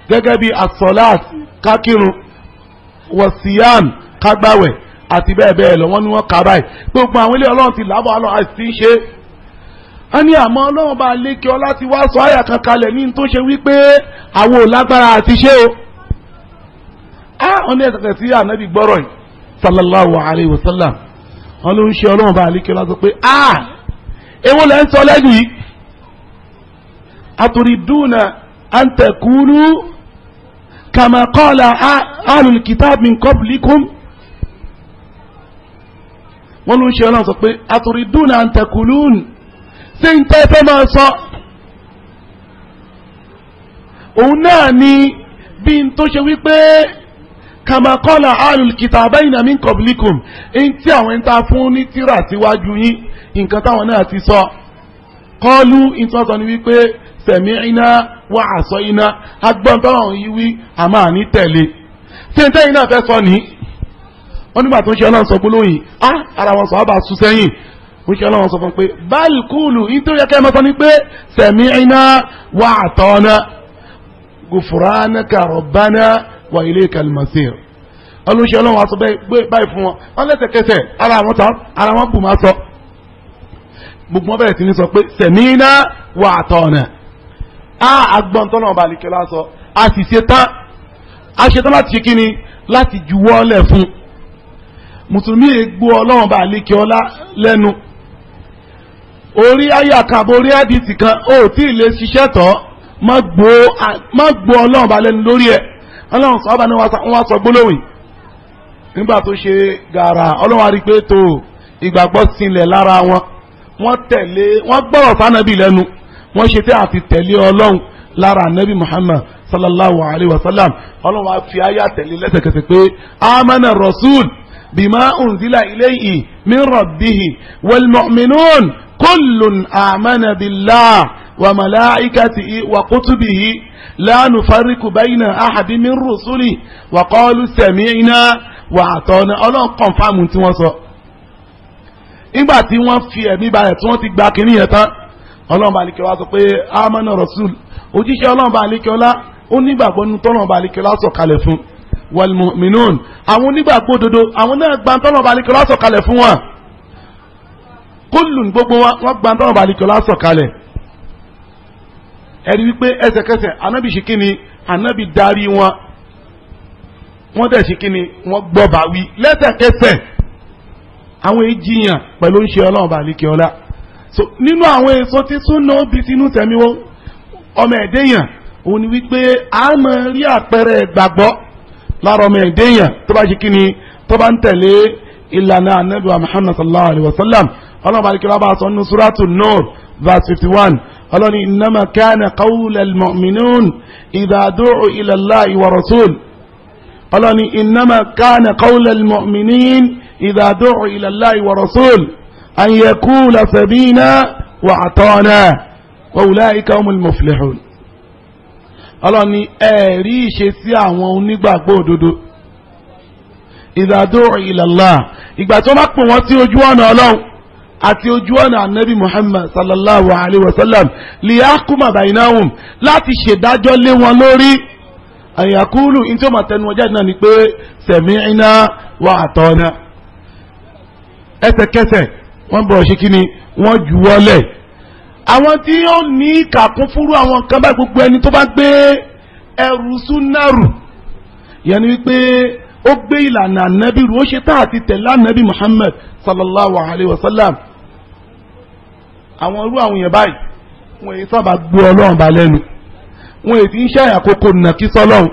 gẹ́gẹ́ bí asọ́láàt kákírun wọ̀síyàn kágbáwẹ̀ àti bẹ́ẹ̀ bẹ́ẹ̀ lọ wọ́n ní wọ́n kà báyìí gbogbo àwọn ilé ọlọ́run ti làbọ̀ àlọ́ àti ṣe. a ní àmọ́ ọlọ́run bá lékè ọ láti wá sọ àyà kan kalẹ̀ ní tó ṣe wípé àwọn lágbára àti ṣe o. a wọn ní ẹ̀sẹ̀ sí ànábì gbọ́rọ̀ yìí sallallahu alayhi wa sallam wọn ló ń ṣe ọlọ́run bá lékè ọ láti pé a èwo lẹ́ ń sọ lẹ́nu yìí. àtòrídùnà àǹtẹ̀kùnú kàmàkọ́ọ̀lá ahlul kitab min qablikum wọ́n ló ń ṣe ọlọ́run sọ pé àtòrídùnà àǹtẹ̀kùlùún ṣé ń tẹ́ fẹ́ máa sọ. òun náà ni bí n tó ṣe wípé kàmàkọ́là alùkìtà abẹ́yìnà min qablikum ń tí àwọn ń ta fún ní tíra síwájú yín nǹkan táwọn náà ti sọ. kọ́lù ìtọ́sọ ni wípé sami'na wa asayna agbọ́n táwọn yìí wí àmọ́ àní tẹ̀lé ṣé ń tẹ́yìn náà fẹ́ sọ nìyí wọ́n nígbà tó ń ṣe ọlọ́run sọ gbólóhùn yìí á ara wọn sọ àbá sùn sẹ́yìn wọ́n ṣe ọlọ́run sọ fún pé báyìí kúlù nítorí ẹ̀kẹ́ mọ́tọ́ ni pé sẹ̀mí iná wà àtọ́nà gùfúránà kàrọ̀bánà wà ilé kalmasir ọlọ́ṣẹ́ ọlọ́run wa sọ báyìí fún wọn wọ́n lẹ́sẹ̀kẹsẹ̀ ara wọn tán ara wọn bù máa sọ gbogbo wọn bẹ̀rẹ̀ sí ní sọ pé sẹ̀mí iná wà àtọ́nà á àgbọ̀n tọ́nà ọba àlìkẹ́lá sọ a tán a tán láti ṣe kíni láti juwọ́ lẹ̀ fún un mùsùlùmí ègbó ọlọ́run bá lékè ọlá lẹ́nu orí ayàkàbọ̀ orí àdìsí kan ó tí ì lè ṣiṣẹ́ tọ́ má gbó ọlọ́run bá lẹ́nu lórí ẹ̀ ọlọ́run sọ ọba ni wọ́n sọ gbólóhùn nígbà tó ṣe gàrà ọlọ́run àrí pé tó ìgbàgbọ́ sinlẹ̀ lára wọn wọ́n tẹ̀lé wọ́n gbọ́rọ̀ sánàbì lẹ́nu wọ́n ṣe tẹ́ àti tẹ̀lé ọlọ́run lára anabi muhammad sallallahu alayhi wa sallam ọlọ́run á fi ayé àtẹ̀lé lẹ́sẹ̀kẹsẹ̀ pé amana rasul بما أنزل إليه من ربه والمؤمنون كل آمن بالله وملائكته وكتبه لا نفرق بين أحد من رسله وقالوا سمعنا وأعطانا ọlọ́run kọ̀ǹfàmù tí wọ́n sọ nígbà tí wọ́n fi ẹ̀mí balẹ̀ tí wọ́n ti gba kínní yẹn tán ọlọ́run balẹ̀ wa sọ pé amánà rasul òjíṣẹ́ ọlọ́run balẹ̀ kẹwàá ó nígbàgbọ́ nínú tọ́lọ́run balẹ̀ kẹwàá sọ̀kalẹ̀ fún un wàlmùmínún àwọn onígbàgbọ́ òdodo àwọn náà gba ntọ́nà balẹ̀kẹ́ lọ́sọ̀ kalẹ̀ fún wọn kólùn gbogbo wọn gba ntọ́nà balẹ̀kẹ́ lọ́sọ̀ kalẹ̀ ẹ̀rí wípé ẹsẹ̀kẹsẹ̀ anábì ṣe kíni anábì darí wọn wọ́n dẹ̀ ṣe kíni wọ́n gbọ́ bá wí lẹ́sẹ̀kẹsẹ̀ àwọn èjìyàn pẹ̀lú ń ṣe ọlọ́run balẹ̀kẹ́ ọlá so nínú àwọn èso tí súnà ó bí sínú tẹ̀mí wọn ọmọ ẹ̀dẹ́yàn òun ni wípé a rí àpẹẹrẹ ìgbàgbọ́ lára ọmọ ẹ̀dẹ́yàn tó bá ṣe kí ni tó bá ń tẹ̀lé ìlànà anabi wa muhammad sallallahu alayhi wa sallam ọlọ́run àti kíláà bá a sọ nínú suratu nur verse fifty one ọlọ́run innama kana qawlal mu'minun idha du'u ila allahi wa rasul ọlọ́run innama kana qawlal mu'minin idha du'u ila allahi wa rasul an yaqula sabina wa atana wa ọlọ́run ní ẹ̀rí ìṣe sí àwọn onígbàgbọ́ òdodo ìdádó ìlàlá ìgbà tó bá pè wọ́n tí ojú ọ̀nà ọlọ́run àti ojú ọ̀nà anabi muhammad sallallahu alayhi wa sallam liyakuma bainahum láti ṣèdájọ́ lé wọn lórí àyàkúlù ní tí ó máa tẹnu ọjà náà ni pé sẹ̀míìnà wà àtọ̀ọ̀nà ẹsẹ̀kẹsẹ̀ wọ́n bọ̀ ṣe kí ni wọ́n juwọ́lẹ̀ àwọn tí yóò ní ìkàkún fúrú àwọn nǹkan bá gbogbo ẹni tó bá gbé ẹrù súnárù yẹn ni wípé ó gbé ìlànà ànábì rú ó ṣe tá àti tẹ̀lé ànábì Muhammad sallallahu alayhi wa sallam àwọn irú àwọn yẹn báyìí wọn èyí sábà gbé ọlọ́run bá lẹ́nu wọn èyí tí ń ṣàyà kókó nàkí sọlọ́run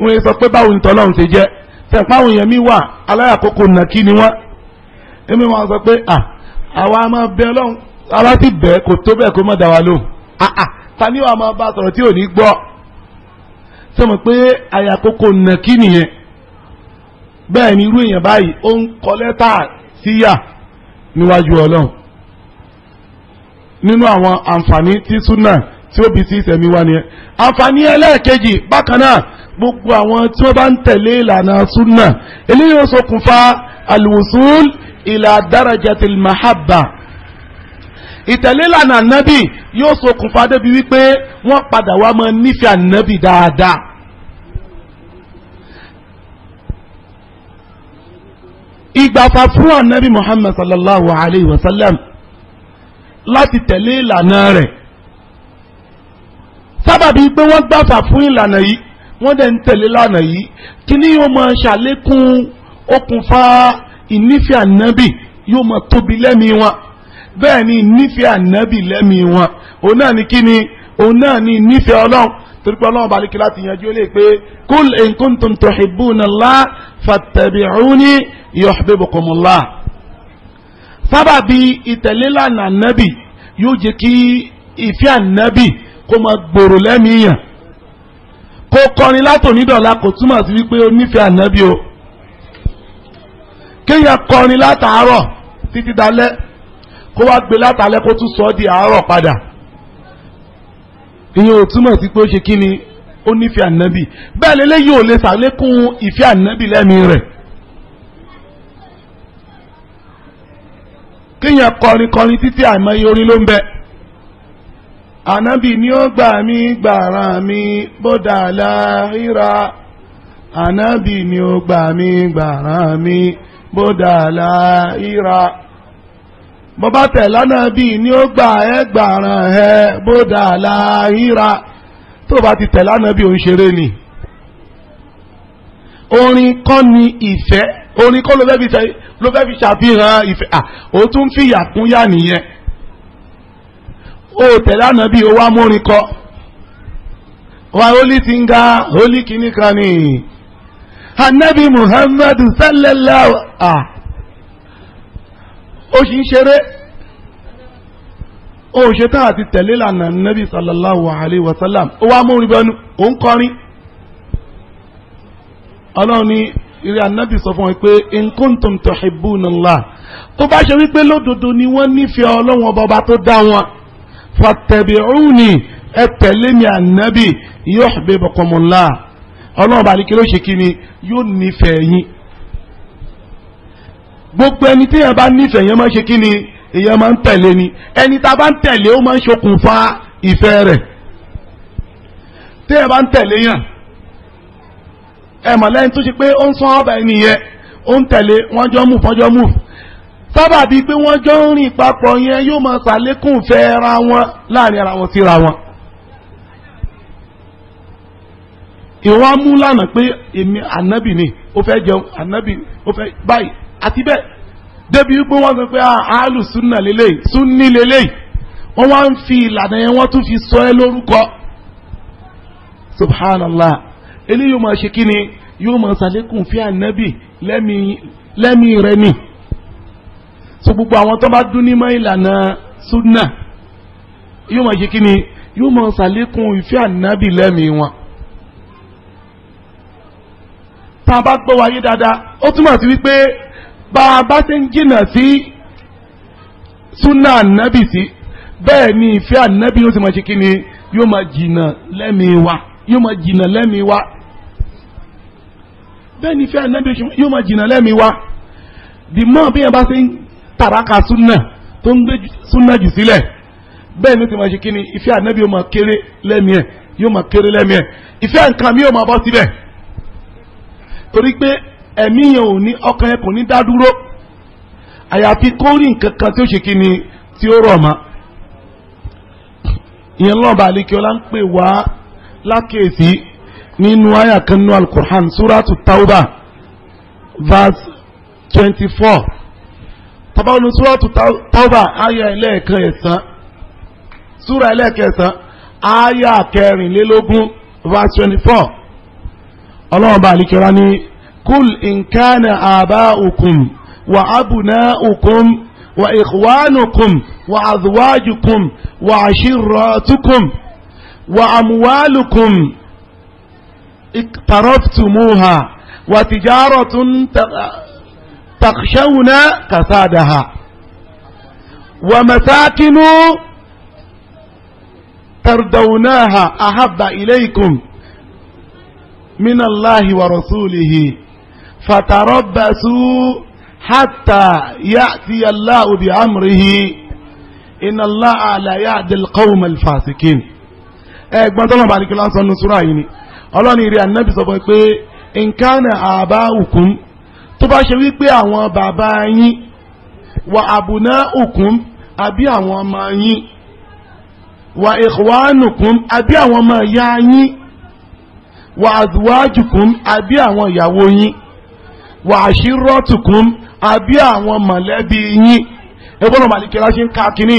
wọn èyí sọ pé báwo ni tọ́lọ́run ṣe jẹ́ sẹ̀pá àwọn èèyàn mi wà aláyàkókò nàkí ni wọ́n èmi wọn sọ pé àwa máa bẹ ọlọ́run ara ti bẹ̀ kò tó bẹ́ẹ̀ kó má dá wa lóhùn ah, ah, ta ni wàá máa bá sọ̀rọ̀ tí ò ní gbọ́ sọmọ pé àyà kókó nà kí nìyẹn bẹ́ẹ̀ ni irú èèyàn báyìí ó ń kọ lẹ́tà síyà níwájú ọlọ́run nínú àwọn àǹfààní tí súnà tí ó bí sí ìsẹ̀mí wa nìyẹn àǹfààní ẹlẹ́ẹ̀kejì bákan náà gbogbo àwọn tí wọ́n bá ń tẹ̀lé ìlànà súnà eléyìí ó ṣokùnfà alwusul ila darajatil mahabba ìtẹ̀lélànà ànábì yóò ṣokùnfà débi wípé wọ́n padà wá máa nífẹ̀ẹ́ ànábì dáadáa. ìgbàfà fún ànábì Muhammad sallallahu alayhi wa sallam láti tẹ̀lé ìlànà rẹ̀ sábàbí pé wọ́n gbàfà fún ìlànà yìí wọ́n dẹ̀ ń tẹ̀lé lànà yìí kíní yóò máa ṣàlékún okùnfà ìnífẹ̀ẹ́ ànábì yóò máa tóbi lẹ́mìí wọn bẹ́ẹ̀ ni nífẹ̀ẹ́ ànábì lẹ́mìí wọn òun náà ni kí ni òun náà ni nífẹ̀ẹ́ ọlọ́run torí pé ọlọ́run balẹ̀ kí láti yanjú lè pé kúl in kuntum tuhibbuna Allah fattabi'uni yuhbibkumullah. sábàbí ìtẹ̀lélànà ànábì yóò jẹ́ kí ìfẹ́ ànábì kó máa gbòòrò lẹ́mìíyàn kó kọrin látònídọ̀la kò túmọ̀ sí wípé ó nífẹ̀ẹ́ ànábì o kéèyàn kọrin látàárọ̀ títí dalẹ́ kó wá gbé látàlẹ́ kó tún sọ ọ́ di àárọ̀ padà ìyẹn ò túmọ̀ sí pé ó ṣe kí ni ó nífẹ̀ẹ́ ànábì bẹ́ẹ̀ lélẹ́yìí ò lè sàlékún ìfẹ́ ànábì lẹ́mìí rẹ̀. kíyàn kọrin kọrin títí àìmọye orin ló ń bẹ ànábì ni ó gbà mí gbàrà mi bódà láhírà ànábì ni ó gbà mí gbàrà mi bódà láhírà mo bá tẹ̀ lọ́nà bíi ní ó gbà ẹ́ gbàràn ẹ bódà láhíra tó bá ti tẹ̀ lọ́nà bíi òun ṣeré ni. orin kọ́ ni ìfẹ́ orin kọ́ ló fẹ́ fi ṣàfihàn ìfẹ́ à ó tún fìyà kún yà nìyẹn. ó tẹ̀ lọ́nà bíi ó wá mórin kọ́ wa holy singer holy kìnnìkan anabi muhammadu sallallahu ah ó sì ń ṣeré ó ṣe tá àti tẹ̀lé lànà nàbì sallallahu alayhi wa sallam ó wá múrin bẹnu ó ń kọrin ọlọ́run ní ìrẹ́ ànábì sọ fún wọn pé in kuntum tuhibbuna Allah tó bá ṣe wípé lódodo ni wọ́n nífẹ̀ẹ́ ọlọ́run ọba tó dá wọn fattabi'uni ẹ tẹ̀lé mi ànábì yuhbibkumullah ọlọ́run ọba àdìkẹ́ ló ṣe kí ni yóò nífẹ̀ẹ́ yín gbogbo ẹni tí èèyàn bá nífẹ̀ẹ́ yẹn máa ń ṣe kí ni èèyàn máa ń tẹ̀lé ni ẹni tá a bá ń tẹ̀lé ó máa ń ṣokùnfà ìfẹ́ rẹ̀ tí èèyàn bá ń tẹ̀lé yàn ẹ mọ̀ lẹ́yìn tó ṣe pé ó ń sán ọ̀bà ẹni yẹn ó ń tẹ̀lé wọ́n jọ mú fọ́jọ́ mú sábà bíi pé wọ́n jọ ń rìn papọ̀ yẹn yóò máa ṣàlékún ìfẹ́ ara wọn láàrin ara wọn síra wọn. ìwọ́n á mú lánàá pé èmi ànábì ni ó fẹ́ jẹun ànábì ó fẹ́ báyìí àti bẹ́ẹ̀ débi wípé wọ́n sọ pé àálù ah, súnà lélẹ́yìí súnni lélẹ́yìí wọ́n wá ń fi ìlànà yẹn wọ́n tún fi sọ ẹ́ lórúkọ subhanallah eléyìí yóò máa ṣe kí ni yóò máa ṣàlékún fi ànábì lẹ́mìí rẹ ni so gbogbo àwọn tó bá dún ní mọ́ ìlànà súnà yóò máa ṣe kí ni yóò máa ṣàlékún ìfẹ́ ànábì lẹ́mìí wọn tá a bá gbọ́ wáyé dáadáa ó túmọ̀ sí wípé bá a bá ṣe ń jìnnà sí súnà ànábì sí bẹ́ẹ̀ ni ìfẹ́ ànábì yóò ti máa ṣe kí ni yóò máa jìnnà lẹ́mìí wa yóò máa jìnnà lẹ́mìí wa bẹ́ẹ̀ ni ìfẹ́ ànábì yóò máa jìnnà lẹ́mìí wa the more bí yẹn bá ṣe ń tàràkà súnà tó ń gbé súnà jù sílẹ̀ bẹ́ẹ̀ ni ti máa ṣe kí ni ìfẹ́ ànábì yóò máa kéré lẹ́mìí ẹ̀ yóò máa kéré lẹ́mìí ẹ̀ ìfẹ́ nǹkan mi yóò máa bọ́ síbẹ̀ torí pé ẹ̀mí yẹn ò ní ọkàn yẹn kò ní dá dúró àyàfi kó rí nǹkan kan tí ó ṣe kí ni tí ó rọ̀ mọ́ ìyẹn lọ́ba àlekíọ́lá ń pè wá lákèésí nínú àyà kan nínú alukur'an suratu tauba verse twenty four tọ́ba olú suratu tauba àyà ẹlẹ́ẹ̀kan ẹ̀sán sura ẹlẹ́ẹ̀kẹsàn àyà kẹrìnlélógún verse twenty four ọlọ́run bá àlekíọ́lá ní. قل إن كان آباؤكم وأبناؤكم وإخوانكم وأزواجكم وعشيراتكم وأموالكم اقترفتموها وتجارة تخشون كسادها ومساكن تردوناها أحب إليكم من الله ورسوله فتربصوا حتى يأتي الله بأمره إن الله لا يهدي القوم الفاسقين ẹgbọn tọlọmọ àlekí ló ń sọ nusura yìí ni ọlọ́ni ìrìn ànábì sọ fún pé nǹkan àbá òkun tó bá ṣe wípé àwọn bàbá yín wà àbùná òkun àbí àwọn ọmọ yín wà ìkùwánùkún àbí àwọn ọmọ ìyá yín wà àdùwájùkún àbí àwọn ìyàwó yín wàṣírọ́tùkún àbí àwọn mọ̀lẹ́bí yín ẹgbọ́nà màlìkẹ́lá ṣe ń ka kínní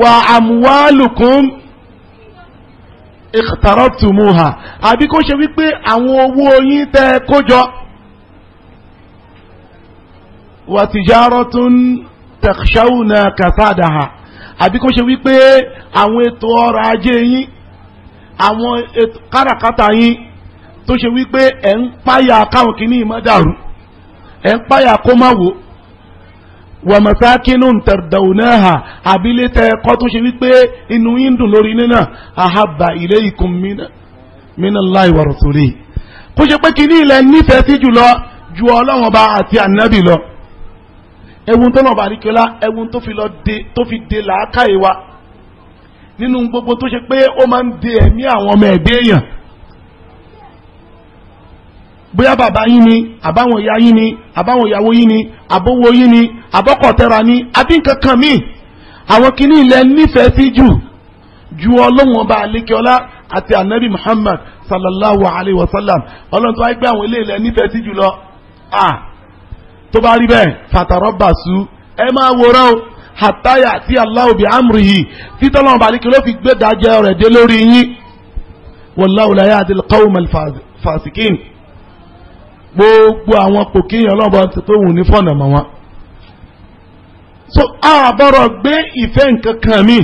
wà àmúwálùkún ìtàrọ́tùmùhà àbí kó ṣe wípé àwọn owó yín tẹ́ kójọ wà tìjárọ́tún tẹ̀ṣáùnà kàtàdàhà àbí kó ṣe wípé àwọn ètò ọrọ̀ ajé yín àwọn káràkátà yín tó ṣe wípé ẹ̀ ń páyà káwọn kìíní má dàrú ẹ̀ ń páyà kó má wò wa masakinun tardawnaha abilé tẹ ẹkọ tó ṣe wípé inú yín dùn lórí iná náà ahabba ilaykum minallahi wa rasulihi kó ṣe pé kíní ilẹ̀ nífẹ̀ẹ́ sí jùlọ ju ọlọ́run ọba àti ànábì lọ ẹwùn tó lọ bá àríkọlá ẹwùn tó fi de làákàyè wa nínú gbogbo tó ṣe pé ó máa ń de ẹ̀mí àwọn ọmọ ẹ̀dẹ́ èèyàn bóyá bàbá yín ni àbáwọn ìyá yín ni àbáwọn ìyàwó yín ni àbówó yín ni àbọ́kọ̀tẹ́ra ni àbí nǹkan kan míì àwọn kìíní ilẹ̀ nífẹ̀ẹ́ sí jù ju ọlọ́wọ́n bá alekeola àti anabi muhammad sallallahu alayhi wa sallam ọlọ́run tó wáyé pé àwọn ilé ilẹ̀ nífẹ̀ẹ́ sí jù lọ à tó bá rí bẹ́ẹ̀ fàtàrọ́ bàṣú ẹ máa wòrán o àtàyà tí aláwọ̀ bíi amúrì yìí títọ́ lọ́wọ́n bá alekeola fi gbé dájẹ́ rẹ̀ dé lórí yín wallahu la yahdi al gbogbo àwọn kòkíyàn ọlọ́ba tó wù ní fọ̀nà mọ́ wọn. so àbọ̀rọ̀ gbé ìfẹ́ nǹkan kan mi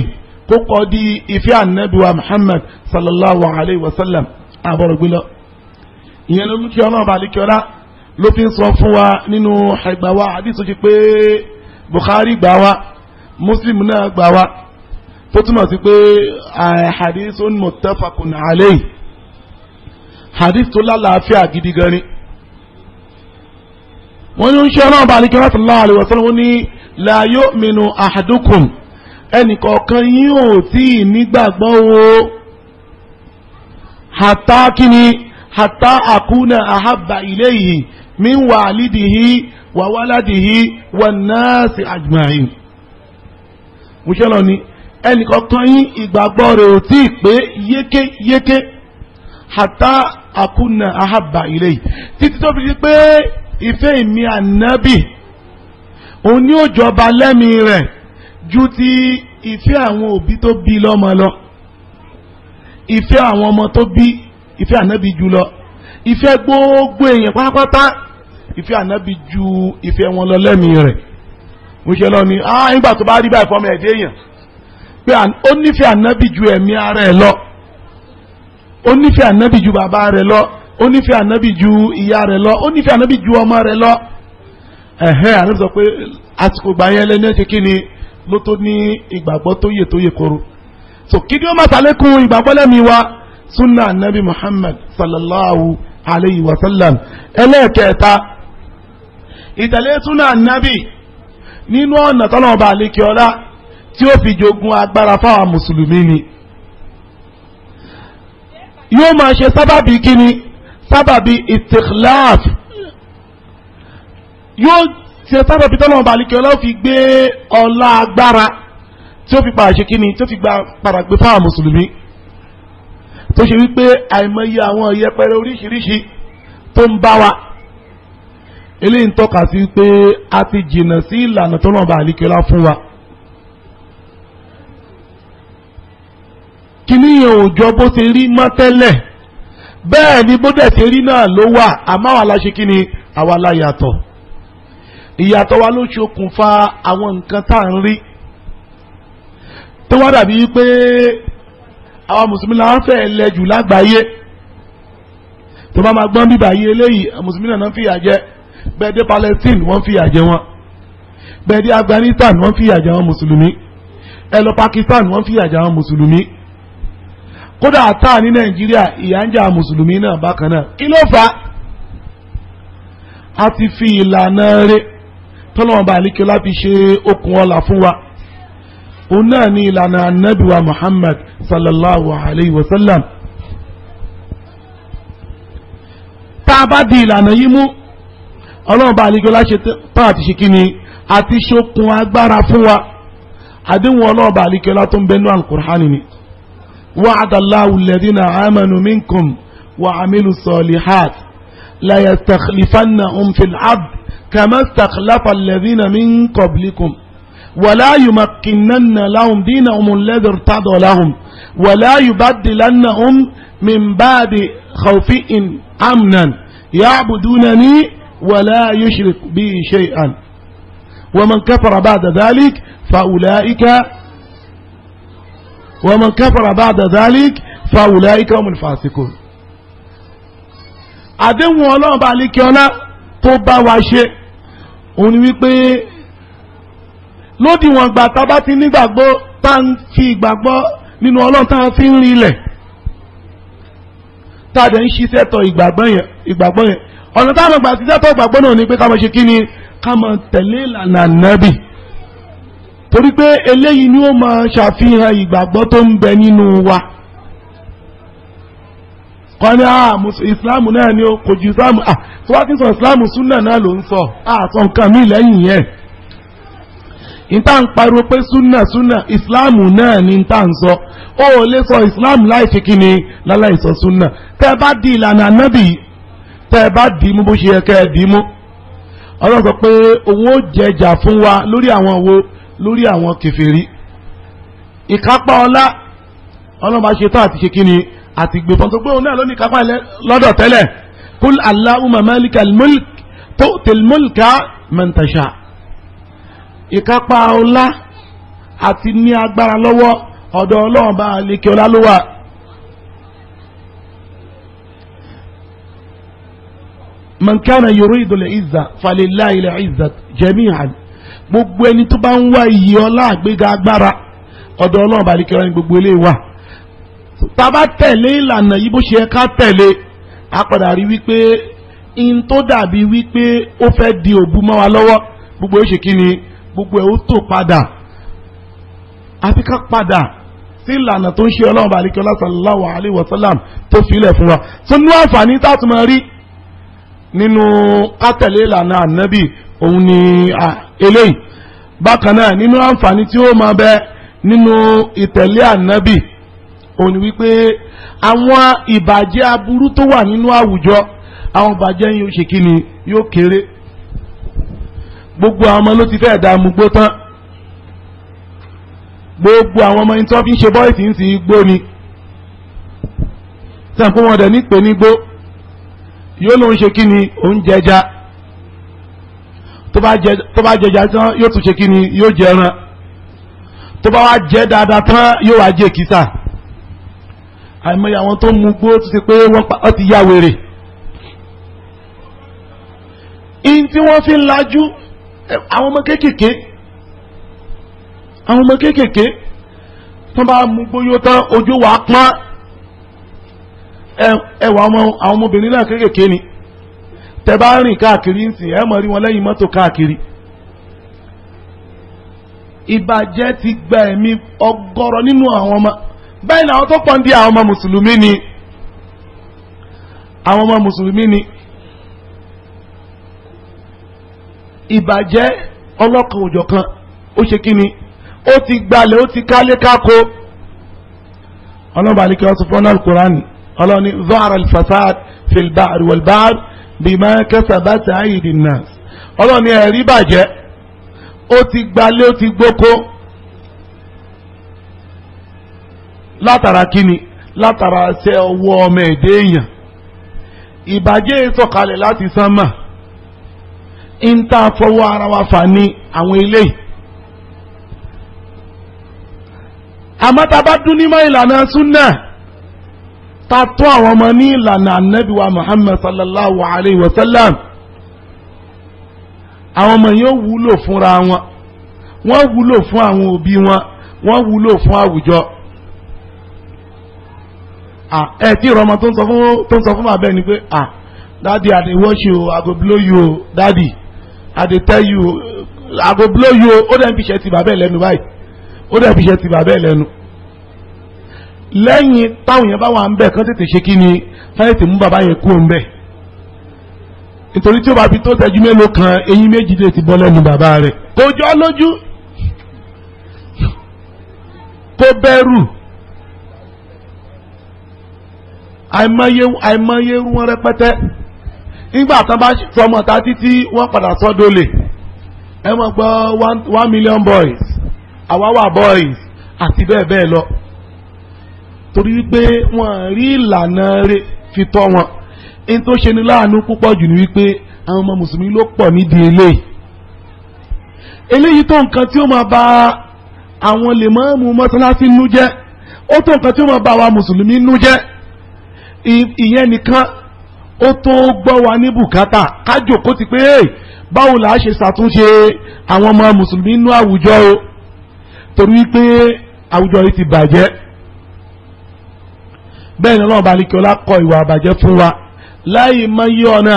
kó kọ́ di ìfẹ́ ànábìwá Muhammad sallallahu alayhi wa sallam àbọ̀rọ̀ gbé lọ. ìyẹn ló mú kí ọlọ́ba àlekíọ́lá ló fi ń sọ fún wa nínú ẹgbà wa àdìsó ti pé Bukhari gbà wa Muslim náà gbà wa tó túmọ̀ sí pé eh, hadithun muttafaqun alayhi hadith tó lálàáfíà gidi gan ni wọ́n ní oúnjẹ ọlọ́run bá alikẹ́ láti lọ́wọ́ àlewọ̀ sọ́nà wọ́n ní la yu'minu ahadukum ẹnìkọ̀ọ̀kan yín ò tí ì nígbàgbọ́ o hàtá kíni hàtá àkúnà ahabba ilayhi min wàlídìhí wà wáládìhí wà náàsì àjùmáyìn. oúnjẹ ọlọ́run ní ẹnìkọ̀ọ̀kan yín ìgbàgbọ́ rẹ̀ ò tí ì pé yéké hàtá àkúnà ahabba ilayhi títí tó fi di pé ìfẹ́ ìmí ànábì òun ní òjọba lẹ́mìí rẹ̀ ju ti ìfẹ́ àwọn òbí tó bí lọ́mọ lọ ìfẹ́ àwọn ọmọ tó bí ìfẹ́ ànábì jù lọ ìfẹ́ gbogbo èèyàn pátápátá ìfẹ́ ànábì ju ìfẹ́ wọn lọ lẹ́mìí rẹ̀ mo ṣe lọ ni ah nígbà tó bá rí báyìí fọmọ ẹ̀dẹ́ èèyàn pé ó nífẹ̀ẹ́ ànábì ju ẹ̀mí ara ẹ̀ lọ ó nífẹ̀ẹ́ ànábì ju bàbá rẹ̀ lọ ó nífẹ̀ẹ́ ànábì ju ìyá rẹ̀ lọ ó nífẹ̀ẹ́ ànábì ju ọmọ rẹ̀ lọ ẹ̀hẹ́ ànábì sọ pé àsìkò gbà lẹ́ni ẹ̀kẹ́ ni ló tó ní ìgbàgbọ́ tó yẹ tó yẹ koro so kí ni ó máa sàlékún ìgbàgbọ́ lẹ́mi wa sunna anabi Muhammad sallallahu alayhi wa sallam ẹlẹ́ẹ̀kẹta ìtẹ̀lé sunna anabi nínú ọ̀nà tọ́lọ́mọba àlékiọlá tí ó fi jogun agbára fáwọn mùsùlùmí ni yóò máa ṣe sábàbí kíni sábàbí istikhlaf yóò ṣe sábàbí tọ́lọ́mọ balẹ̀ ọlọ́run fi gbé ọlá agbára tí ó fi padà ṣe kíni tí ó fi gba padà gbé fáwọn mùsùlùmí tó ṣe wípé àìmọye àwọn ìyẹpẹrẹ oríṣiríṣi tó ń bá wa eléyìí ń tọ́ka sí pé a ti jìnnà sí ìlànà tọ́lọ́mọ balẹ̀ ọlọ́run fún wa. kíní yẹn ò jọ bó ṣe rí mọ́ tẹ́lẹ̀ bẹ́ẹ̀ ni bó dẹ̀ ṣe rí náà ló wà àmọ́ àwa la ṣe kí ni àwa la yàtọ̀ ìyàtọ̀ wa ló ṣokùnfà àwọn nǹkan tá à ń rí tó wá dàbí pé àwa mùsùlùmí la fẹ́ lẹ́jù lágbàáyé tó bá máa gbọ́n bíbà yí eléyìí mùsùlùmí náà ń fìyà bẹ́ẹ̀ dé Palestine wọ́n ń fìyà wọn bẹ́ẹ̀ dé Afghanistan wọ́n ń fìyà jẹ mùsùlùmí ẹ lọ Pakistan wọ́n ń fìyà jẹ mùsùlùmí kódà tá ní nàìjíríà ìyà ń jà mùsùlùmí náà bákan náà kí ló fà á ti fi ìlànà rẹ̀ tọ́lọ́wọ́n bá àlékè láti ṣe okùn ọlà fún wa òun náà ní ìlànà anabiwa muhammad sallallahu alayhi wa sallam tá a bá di ìlànà yìí mú ọlọ́run bá àlékè láti tán àti ṣe kí ni àti ṣokùn agbára fún wa àdéhùn ọlọ́run bá àlékè látó ń bẹ́nu alukur'ani ni. وعد الله الذين آمنوا منكم وعملوا الصالحات لا يستخلفنهم في العبد كما استخلف الذين من قبلكم ولا يمكنن لهم دينهم الذي ارتضى لهم ولا يبدلنهم من بعد خوف أمنا يعبدونني ولا يشرك بي شيئا ومن كفر بعد ذلك فأولئك ومن كفر بعد ذلك فأولئك هم الفاسقون àdéhùn ọlọ́run bá lékè ọlá tó bá wa ṣe òun ni wípé lódiwọ̀n gbà tá a bá ti nígbàgbọ́ tá a ń fi ìgbàgbọ́ nínú ọlọ́run tá a fi ń rin ilẹ̀ tá a dẹ̀ ń ṣiṣẹ́ tọ ìgbàgbọ́ yẹn ọ̀nà táwọn gbà ṣiṣẹ́ tọ ìgbàgbọ́ náà ni pé ká máa ṣe kí ni ká máa tẹ̀lé ìlànà nábì. torí pé eléyìí ni ó máa ṣàfihàn ìgbàgbọ́ tó ń bẹ nínú wa kan ní ah ìsìláàmù náà ni ó kò ju ìsìláàmù ah tí wọ́n ti sọ ìsìláàmù súnà náà ló ń sọ ah sọ nǹkan mí lẹ́yìn yẹn ìta ń pariwo pé súnà súnà ìsìláàmù náà ni ìta ń sọ ó ò lè sọ ìsìláàmù láì fi kíni láláì sọ súnà tẹ́ bá di ìlànà ànábì tẹ́ ẹ bá dì í mú bó ṣe yẹ kẹ́ ẹ mú ọlọ́run sọ pé òun ó jẹjà fún wa lórí àwọn wo lórí àwọn kèfèrí ìkápá ọlá ọlọ́mà ṣe tó àti ṣe kí ni àti gbẹ̀fọ́n tó gbóhùn náà lónìí kápá lọ́dọ̀ tẹ́lẹ̀ kul allahumma malikal mulk tu'til mulka man tasha ìkápá ọlá àti ní agbára lọ́wọ́ ọ̀dọ̀ ọlọ́run bá lékè ọlá ló wà man kana yuridu al-izza falillahi al gbogbo ẹni tó bá ń wá iyì ọlá àgbéga agbára ọ̀dọ̀ ọlọ́run bá dikẹ́ra ní gbogbo eléyìí wà tá a bá tẹ̀lé ìlànà yìí bó ṣe yẹ ká tẹ̀lé a padà rí wípé in tó dàbí wípé ó fẹ́ di òbu mọ́ wa lọ́wọ́ gbogbo ẹ̀ ṣe gbogbo ẹ̀ ó tò padà àfi ká padà sí ìlànà tó ń ṣe ọlọ́run bá dikẹ́ra sallallahu alaihi wasallam tó filẹ̀ fún wa tó ní àǹfààní tá a rí nínú ká tẹ̀lé ìlànà ànábì òun ni. Ah, eléyìí bákan náà nínú àǹfààní tí ó máa bẹ nínú ìtẹ̀lé ànábì òun ni wípé àwọn ìbàjẹ́ aburú tó wà nínú àwùjọ àwọn ìbàjẹ́ yìí ó ṣe kí ni yóò kéré gbogbo àwọn ọmọ ló ti fẹ́ dá amúgbó tán gbogbo àwọn ọmọ yìí tó fi ń ṣe bọ́ìsì ń sì gbó ni sàn wọn dẹ̀ nípe nígbó yóò lóun ṣe kí ni òun jẹja tó bá jẹ tó bá jẹjà tán yóò tún ṣe kí ni yóò jẹ ẹran tó bá wá jẹ dáadáa tán yóò wá jẹ kìsà àìmọye àwọn tó mu gbó tó ṣe pé wọ́n ti ya wèrè in tí wọ́n fi ń lajú àwọn ọmọ kéékèèké àwọn ọmọ kéékèèké tó bá mu gbó yóò tán ojú wa pọ́n ẹwà àwọn ọmọbìnrin náà kéékèèké ni tẹ bá rìn káàkiri ń sìn ẹ mọ̀ rí wọn lẹ́yìn mọ́tò káàkiri. ìbàjẹ́ ti gba ẹ̀mí ọgọ́rọ̀ nínú àwọn ọmọ bẹ́ẹ̀ ni àwọn tó pọ̀ ń di àwọn ọmọ mùsùlùmí ni àwọn ọmọ mùsùlùmí ni ìbàjẹ́ ọlọ́kan òjọ̀kan ó ṣe kí ni ó ti gbalẹ̀ ó ti kálé káko ọlọ́ba àlekẹ́ ọ̀sùn fọ́nà alukurani ọlọ́ni zọ́ọ̀rọ̀ alfasad filbaari walbaari bímọ kẹsàbàtà àyìdìnnà ọlọ́run ni ẹ̀rí bàjẹ́ ó ti gbalé ó ti gbóko látara kíni látara ṣe ọwọ́ ọmọ èdè èèyàn ìbàjẹ́ sọ̀kalẹ̀ láti sánmà ń ta fọwọ́ ara wa fà ní àwọn ilé àmọ́ tá a bá dún nímọ̀ ìlànà súnà ta tó àwọn ọmọ ní ìlànà anabiwa muhammed sallallahu alayhi wa sallam àwọn ọmọ yóò wúlò fúnra wọn wọ́n wúlò fún àwọn òbí wọn wọ́n wúlò fún àwùjọ ẹ tí ìrọmọ tó ń sọ fún tó ń sọ fún bàbá ni pé ah daddy i dey watch you i go blow you o daddy i dey tell you i go blow you o ó dẹ̀ fi ṣe ti bàbá ẹ lẹ́nu báyìí ó dẹ̀ fi ṣe ti bàbá ẹ lẹ́nu lẹ́yìn táwọn yẹn bá wà ń bẹ̀ kán tètè ṣe kí ni sáyẹ̀tì mú bàbá yẹn kú ń bẹ̀ nítorí tí ó bá fi tó ṣẹ́jú mélòó kan eyín méjì lè ti bọ́ lẹ́nu bàbá rẹ̀ kò jọ lójú kò bẹ̀rù àìmọye wọn rẹpẹtẹ nígbà tán bá fọmọ ta títí wọn padà sọdọ lè ẹ mọ gbọ́ one million boys àwa wà boys àti bẹ́ẹ̀ bẹ́ẹ̀ lọ torí wípé wọ́n rí ìlànà rẹ̀ fi tọ́ wọn ẹni tó ṣe ni láàánú púpọ̀ jù ni wípé àwọn ọmọ mùsùlùmí ló pọ̀ nídìí eléyìí eléyìí tó nǹkan tí ó máa ba àwọn lèmọ́ọ̀mù mọ́sálásí nú jẹ́ ó tó nǹkan tí ó máa ba àwa mùsùlùmí nú jẹ́ ìyẹn nìkan ó tó gbọ́ wa ní bùkátà kájò kó ti pé báwo là á ṣe ṣàtúnṣe àwọn ọmọ mùsùlùmí nú àwùjọ o torí pé àwùjọ yìí ti bàjẹ́ bẹ́ẹ̀ ni ọlọ́run bá alikẹ́ ọlá kọ ìwà àbàjẹ́ fún wa láyé máa yí ọ̀nà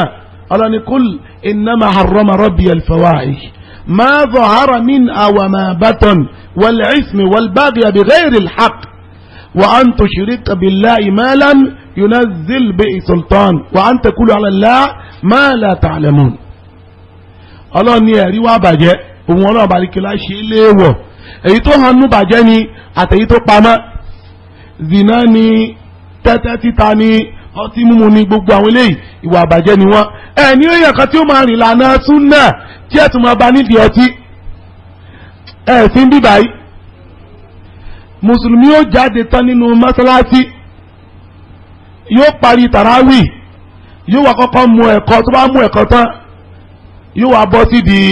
ọlọ́ni kúl innama harrama rabbi al-fawahish ma zahara minha wa ma batan wal-ithmi wal-baghya bighayri al-haq wa an tushrika billahi ma lam yunazil bihi sultan wa an taqulu ala Allah ma la ta'lamun. ọlọ́ni ẹ̀rí wá bàjẹ́ òun ọlọ́run bá alikẹ́ ọlá ṣe é léèwọ̀ èyí tó hàn nú bàjẹ́ ni àtẹ̀yí tó pamọ́ zina ni tẹ́tẹ́ títa ni ọtí mímu ni gbogbo àwọn eléyìí ìwà àbàjẹ́ ni wọ́n ẹ ní èèyàn kan tí ó máa rìn lànà súnà tí ẹ tún máa ba nídìí ọtí ẹ sí ń bíbá yìí mùsùlùmí ó jáde tán nínú mọ́sálásí yóò parí tàràwì yóò wá kọ́kọ́ mu ẹ̀kọ́ tó bá mu ẹ̀kọ́ tán yóò wá bọ́ sídìí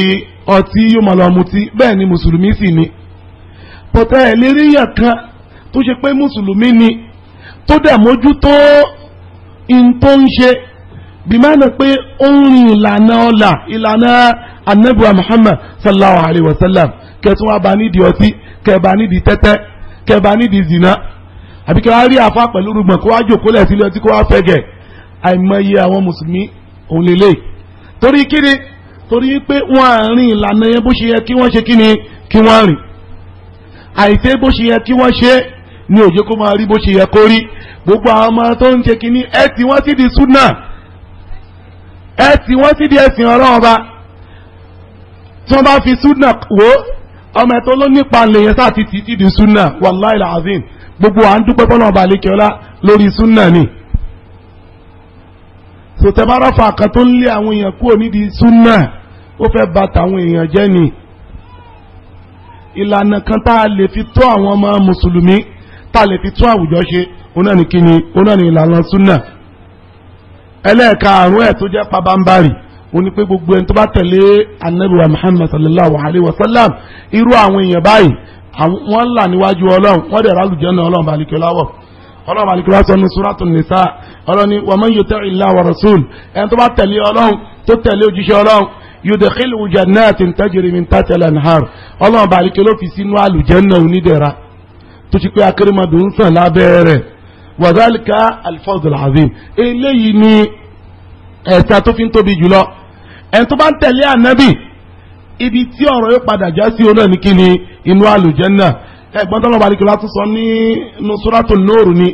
ọtí yóò máa lọ mutí bẹ́ẹ̀ ni mùsùlùmí sì ni pọ̀tẹ́ ẹ̀ lérí yàn kan tó ṣe pé mùsùlùmí ni tó dẹ̀ mójútó in tó ń ṣe bìmánà pé ó ń rin ìlànà ọlà ìlànà anabiwa muhammad sallallahu alayhi wa sallam kẹtùn wa bá nídìí ọtí kẹbà nídìí tẹ́tẹ́ kẹbà nídìí zina àbí kẹwàá rí àfa pẹ̀lú rúgbọ̀n kó wá jòkó lẹ̀ sílé ọtí kó wá fẹ́gẹ̀ àìmọye àwọn mùsùlùmí òun lélẹ̀ torí kíni torí pé wọ́n á rìn ìlànà yẹn bó ṣe yẹ kí wọ́n ṣe kíni kí wọ́n rìn àìsè bó ṣe yẹ kí wọ́n ṣe é ní òjò kó máa rí bó ṣe yẹ kó rí gbogbo àwọn ọmọ tó ń ṣe kínní ẹ tì wọ́n sí di súnà ẹ tì wọ́n sí di ẹ̀sìn ọ̀rọ̀ ọba tí wọ́n bá fi súnà wò ọmọ ẹ̀ ló nípa lèyẹn sáà ti di súnà wàláì làzín gbogbo à ń dúpẹ́ fọlọ́n ọba àlekè ọlá lórí súnà ni. sòtẹ́bárà fà kan tó ń lé àwọn èèyàn kúrò nídìí súnà ó fẹ́ bà tàwọn èèyàn jẹ́ ni ìlànà kan tá a lè fi tó àwọn ọmọ mùsùlùmí tá a lè fi tún àwùjọ ṣe oná ní kíni oná ní ìlànà súnà ẹlẹ́ẹ̀kaàrún ẹ̀ tó jẹ́ pabambarì ó ní pé gbogbo ẹni tó bá tẹ̀lé anabiwa muhammad sallallahu alayhi wa sallam irú àwọn èèyàn báyìí wọ́n là níwájú ọlọ́run wọ́n dẹ̀ rálùjẹ́ náà ọlọ́run balùkẹ́ láwọ̀ ọlọ́run balùkẹ́ láwọ̀ sọ́nu suratu nisa ọlọ́ni wọ́n mọ̀ yóò tẹ̀ ilá rasul ẹni tó bá tẹ̀lé ọlọ́run tó tẹ̀lé òjíṣẹ́ ọlọ́run yudkhil jannatin tajri min tahtiha al-anhar ọlọ́run balùkẹ́ ló fi sínú àlùjẹ́ náà onídẹ̀ra tó ti pé akérèmọdò ń sàn lábẹ́ rẹ̀ wàdálíkà alifọ́dùl azim eléyìí ni ẹ̀ta tó fi ń tóbi jùlọ ẹni tó bá ń tẹ̀lé ànábì ibi tí ọ̀rọ̀ yóò padà já sí ọ̀nà ní kíni inú àlùjẹ́nà ẹ̀gbọ́n tó lọ́ba àdìkúlá tó sọ ní nusuratu nóòrù ni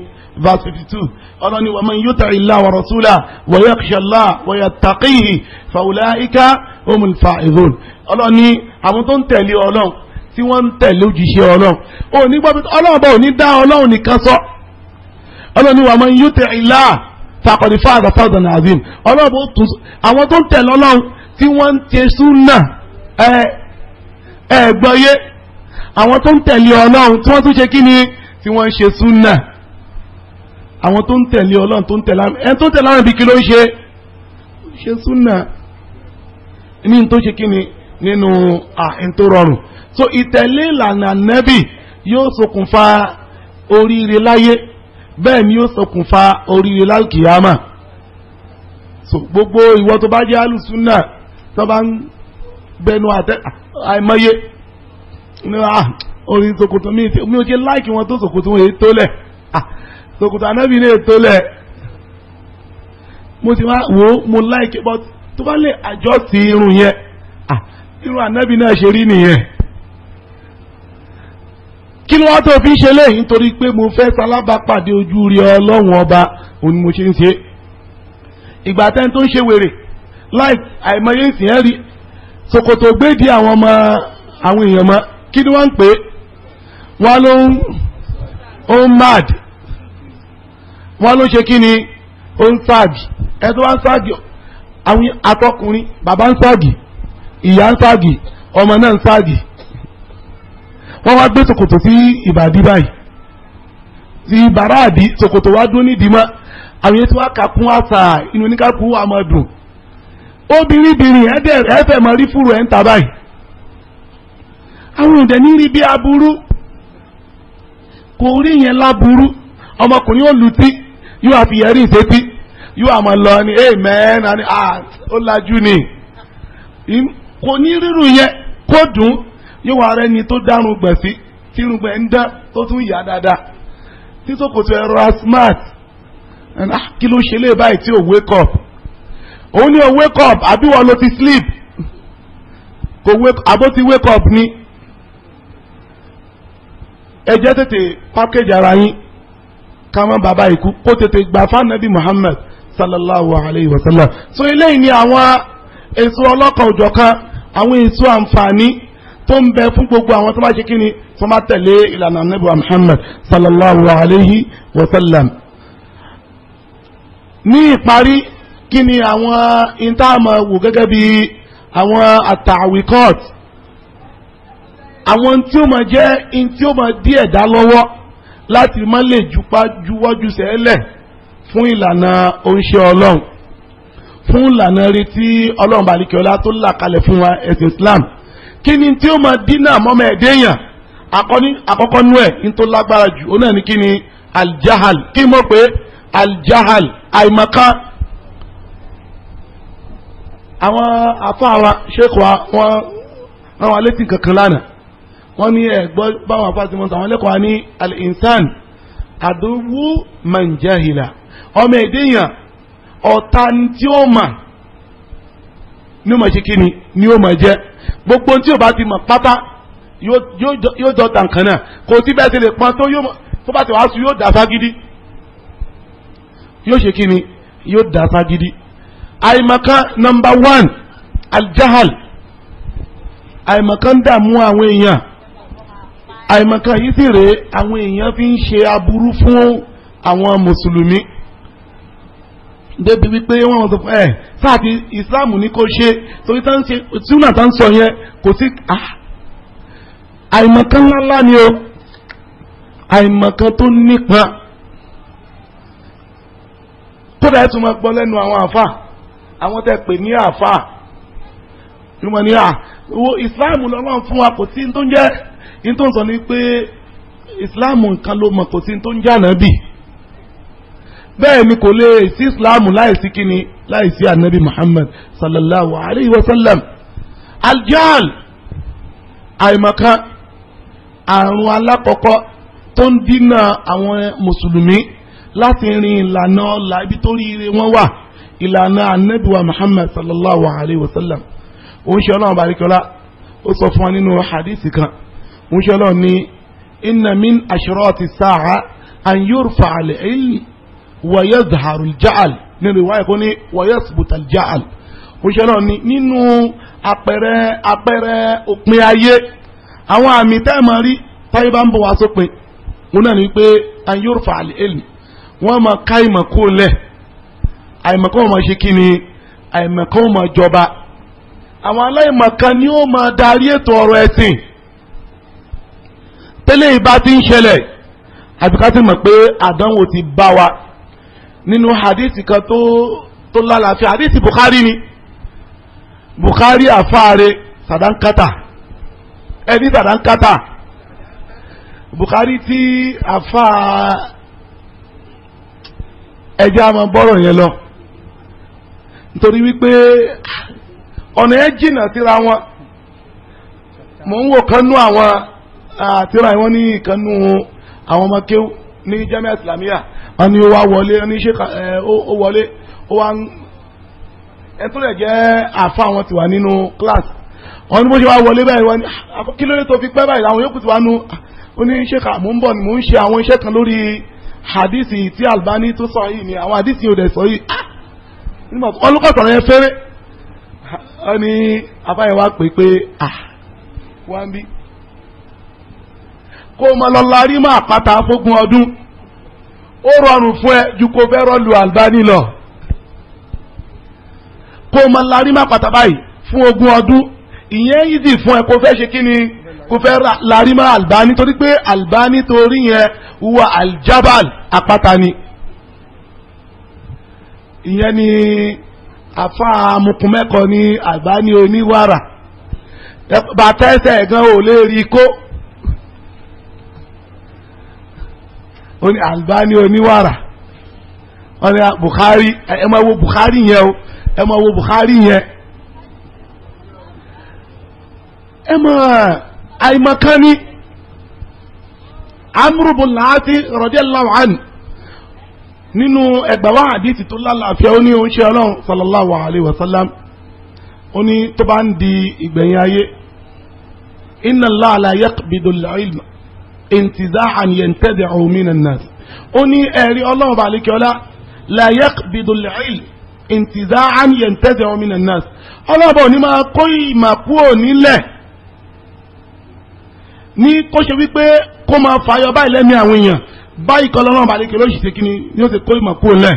verse fifty two ọ̀nà ni wàmí yúta ilá wa rasúlà wa yakhsha Allah wa yattaqihi fa ulaika humul fa'izun ni àwọn tó ń tẹ̀lé ọlọ́run tí wọ́n ń tẹ̀lé òjíṣẹ́ ọlọ́run òní gbọ́ ọlọ́run bá òní dá ọlọ́run nìkan sọ ọlọ́run ni wà azim ọlọ́run bó tún àwọn tó ń tẹ̀lé ọlọ́run tí wọ́n ń tẹ súnà ẹ ẹ gbọ́yé àwọn tó ń tẹ̀lé ọlọ́run tí tún ṣe kí ni tí wọ́n ń ṣe súnà àwọn tó ń tẹ̀lé ọlọ́run tó ń tẹ̀lé àwọn tó tẹ̀lé àwọn ibi kí ló ń ṣe súnà ní tó ṣe kí ni nínú àìntó so ìtẹ̀lé ìlànà nẹ́bì yóò ṣokùnfà oríire láyé bẹ́ẹ̀ ni yóò ṣokùnfà oríire lálùkìyàmà so gbogbo ìwọ tó bá jẹ́ alùsùnà tó bá ń bẹnu àtẹ àìmọye ní à orin ṣòkòtò mi mi ò ṣe láìkì wọn tó ṣòkòtò wọn èyí tó lẹ̀ ṣòkòtò ànábì ní ètò lẹ̀ mo ti wá wò ó mo láìkì bọ́ tó bá lè àjọ sí irun yẹn irú ànábì náà ṣe rí nìyẹn kí ni wọ́n tó fi ń ṣe léyìí nítorí pé mo fẹ́ salábàápàdé ojú rí ọlọ́run ọba òun ni mo ṣe ń ṣe ìgbà tẹ́ni tó ń ṣe wèrè láì àìmọye ìsìn ẹ́ rí ṣòkòtò gbédìí àwọn ọmọ àwọn èèyàn mọ́ kí ni wọ́n ń pè é wọ́n ló ń ó ń mad wọ́n ló ṣe kí ni ó ń ságì ẹ tó wá ń ságì àwọn àtọkùnrin bàbá ń ságì ìyá ń ọmọ náà ń wọ́n wá gbé sokoto sí ìbàdí báyìí sí bàràdì sokoto wá dún nídìí mọ́ àwọn yẹn tí wọ́n kà àṣà inú oníkàkùn wà máa dùn ẹ̀fẹ̀ rí fúru ẹ̀ ń ta báyìí àwọn bí aburú kò rí yẹn láburú ọmọkùnrin yóò àfi yẹrí yóò àmọ́ lọ ni ah, ni kò ní rírun yẹn kó dùn yóò wá rẹ́ni tó dárun gbẹ̀ sí tírun gbẹ̀ ń dán tó tún yà dáadáa tí sòkòtò ẹ̀rọ asmart ah, kí ló ṣe lè báyìí tí ò wake up òun ni ò wake up àbí wọn ló ti sleep kò wake àbó ti wake up ni ẹ jẹ́ tètè package ara yín ká má bàbá ikú kó tètè gbà fánàbí Muhammad sallallahu alayhi wa sallam so eléyìí ni àwọn èso ọlọ́kan òjọ̀kan àwọn èso àǹfààní tó ń bẹ fún gbogbo àwọn tó bá ṣe kí ni tó bá tẹ̀lé ìlànà ànábì wa Muhammad sallallahu alayhi wa sallam. ní ìparí kí ni àwọn intaama wò gẹ́gẹ́ bí àwọn àtàwíkọ́t àwọn tí ó máa jẹ́ in tí ó máa dí ẹ̀dá lọ́wọ́ láti má lè jupa juwọ́jú sẹ́lẹ̀ fún ìlànà oníṣẹ́ ọlọ́run fún ìlànà rí tí ọlọ́run balikiola tó là kalẹ̀ fún wa ẹ̀sìn islam kí ni tí ó máa dínà mọ́mọ́ ẹ̀dẹ́ èèyàn àkọ́kọ́ nú ẹ̀ ní lágbára jù ó náà ní kí ni aljahal kí mọ̀ pé aljahal àìmọ̀kan àwọn afáwa sheikh wa wọn àwọn alétí kankan lánàá wọn ní ẹgbọ́ báwọn afáàtìmọ́ àwọn ẹlẹ́kọ̀ọ́ ní al àdúgbò manjahila ọmọ ẹ̀dẹ́ ọ̀tá tí ó mà ní ó mà ṣe kí ni ni ó mà jẹ́ gbogbo tí ó bá ti mọ̀ pátá yóò jọ tàǹkan náà kò tí bẹ́ẹ̀ ti lè pọn tó tó bá ti wàá sùn yóò dà ságídí yóò ṣe kí ni yóò dà ságídí àìmọ̀kan nọmba one aljahal àìmọ̀kan dààmú àwọn èèyàn àìmọ̀kan yìí sì rèé àwọn èèyàn fi ń ṣe aburú fún àwọn mùsùlùmí débi wípé wọ́n sọ fún ẹ eh, sáàtì islam ní kò ṣe torí tá tá ń sọ yẹn kò sí ah, àìmọ̀kan ńláńlá ni o àìmọ̀kan tó nípa kódà ẹ tún máa gbọ́ lẹ́nu àwọn àfà àwọn tẹ́ pè ní àfà ìmọ̀ ni à wo islam lọ́lọ́run fún wa kò sí ní tó ń jẹ́ ní tó ń sọ ni pé islam nǹkan ló mọ̀ kò sí tó ń jẹ́ ànábì bẹ́ẹ̀ ni kò lè sí islam láìsí kíni láìsí anabi muhammad sallallahu alayhi wa sallam aljal àìmọ̀kan àrùn alákọ̀ọ́kọ́ tó ń dínà àwọn mùsùlùmí láti rin ìlànà ọ̀la ibi tó rí ire wọn wà ìlànà anabi wa muhammad sallallahu alayhi wa sallam òun ṣe ọlọ́run baríkọ́lá ó sọ fún wa nínú hadith kan òun ṣe ọlọ́run ní inna min ashrati sa'a an yurfa al-ilm wàyẹ́zàrù jáàl ní rìwáyà kó ní wàyẹ́sìbùtà jáàl òṣìṣẹ́ náà ní nínú apẹ̀rẹ̀ apẹ̀rẹ̀ òpin ayé àwọn àmì tẹ́ máa rí táyé bá ń bọ̀ wá sópin wọn náà ní pé ayórùfà àlẹ́lì wọ́n máa ká ìmọ̀ kó lẹ̀ àìmọ̀kọ́ wọn máa ṣe kí ni àìmọ̀kọ́ wọn máa jọba àwọn aláìmọ̀kan ni ó máa darí ètò ọ̀rọ̀ ẹ̀sìn tẹ́lẹ̀ ìbá ti ń ṣẹlẹ̀ àbíká ti mọ̀ pé àdánwò ti bá wa nínú hadith kan tó tó lálàáfíà hadith Bukhari ni Bukhari àfáàrẹ sàdánkátà ẹni sàdánkátà Bukhari tí àfáà ẹja máa bọ́rọ̀ yẹn lọ nítorí wípé ọ̀nà yẹn jìnnà síra wọn mò ń wò kánú àwọn àtìrà wọn ní ìkánú àwọn ọmọ kéwù ní jamiu islamiyah a ní ó wá wọlé ẹni ṣe ó wọlé ó wá ń ẹ tó lẹ̀ jẹ́ àfa àwọn ti wà nínú class wọn ní bó ṣe wá wọlé báyìí wọn ah, kí ló dé tó fi pẹ́ báyìí àwọn yòókù ti wá nu oníṣẹ́ka ah, mò ń bọ̀ ni mò ń ṣe àwọn iṣẹ́ kan lórí hadisi tí Albani tó sọ yìí ni àwọn hadisi yóò dẹ̀ sọ yìí ah, nígbà tó ọlọ́kọ̀ sọ̀rọ̀ yẹn fẹ́rẹ́ ọ abáyẹn wá pé pé à wá bí kó o máa lọ larí máa pàtà fógun ọdún ó rọrùn fún ẹ ju kó fẹ́ rọ́ọ̀lù Albani lọ kó o mọ larí má pàtà báyìí fún ogún ọdún ìyẹn easy fún ẹ kó fẹ́ ṣe kí ni kó fẹ́ larí má Albani torí pé Albani torí yẹn wà aljabal apáta ni ìyẹn ni afa amukumẹ́kọ ni Albani oníwàrà bàtà ẹsẹ̀ gan ò lè rí kó. ó ní Albani oníwàrà ó ní ah, Bukhari ẹ máa wo Bukhari yẹn o ẹ máa wo Bukhari yẹn ẹ máa àìmọ̀kánni Amru bin Laati radiyallahu anhu nínú ẹgbàá àdìsí tó lálàáfíà ó ní oúnjẹ ọlọ́run sallallahu alayhi wa sallam ó ní tó bá ń di ìgbẹ̀yìn ayé inna Allah la yaqbidu انتزاعا ينتزع من الناس أني أهلي الله عليك ولا لا يقبض العلم انتزاعا ينتزع من الناس الله بوني ما كوي ما قوني له ní kó ṣe wípé kó máa fàyọ báyìí lẹ́mí àwọn èèyàn báyìí kọ́ lọ́rùn àbálẹ́kẹ́ lóṣù tí kìíní yóò ṣe kó ìmọ̀ kú lẹ̀.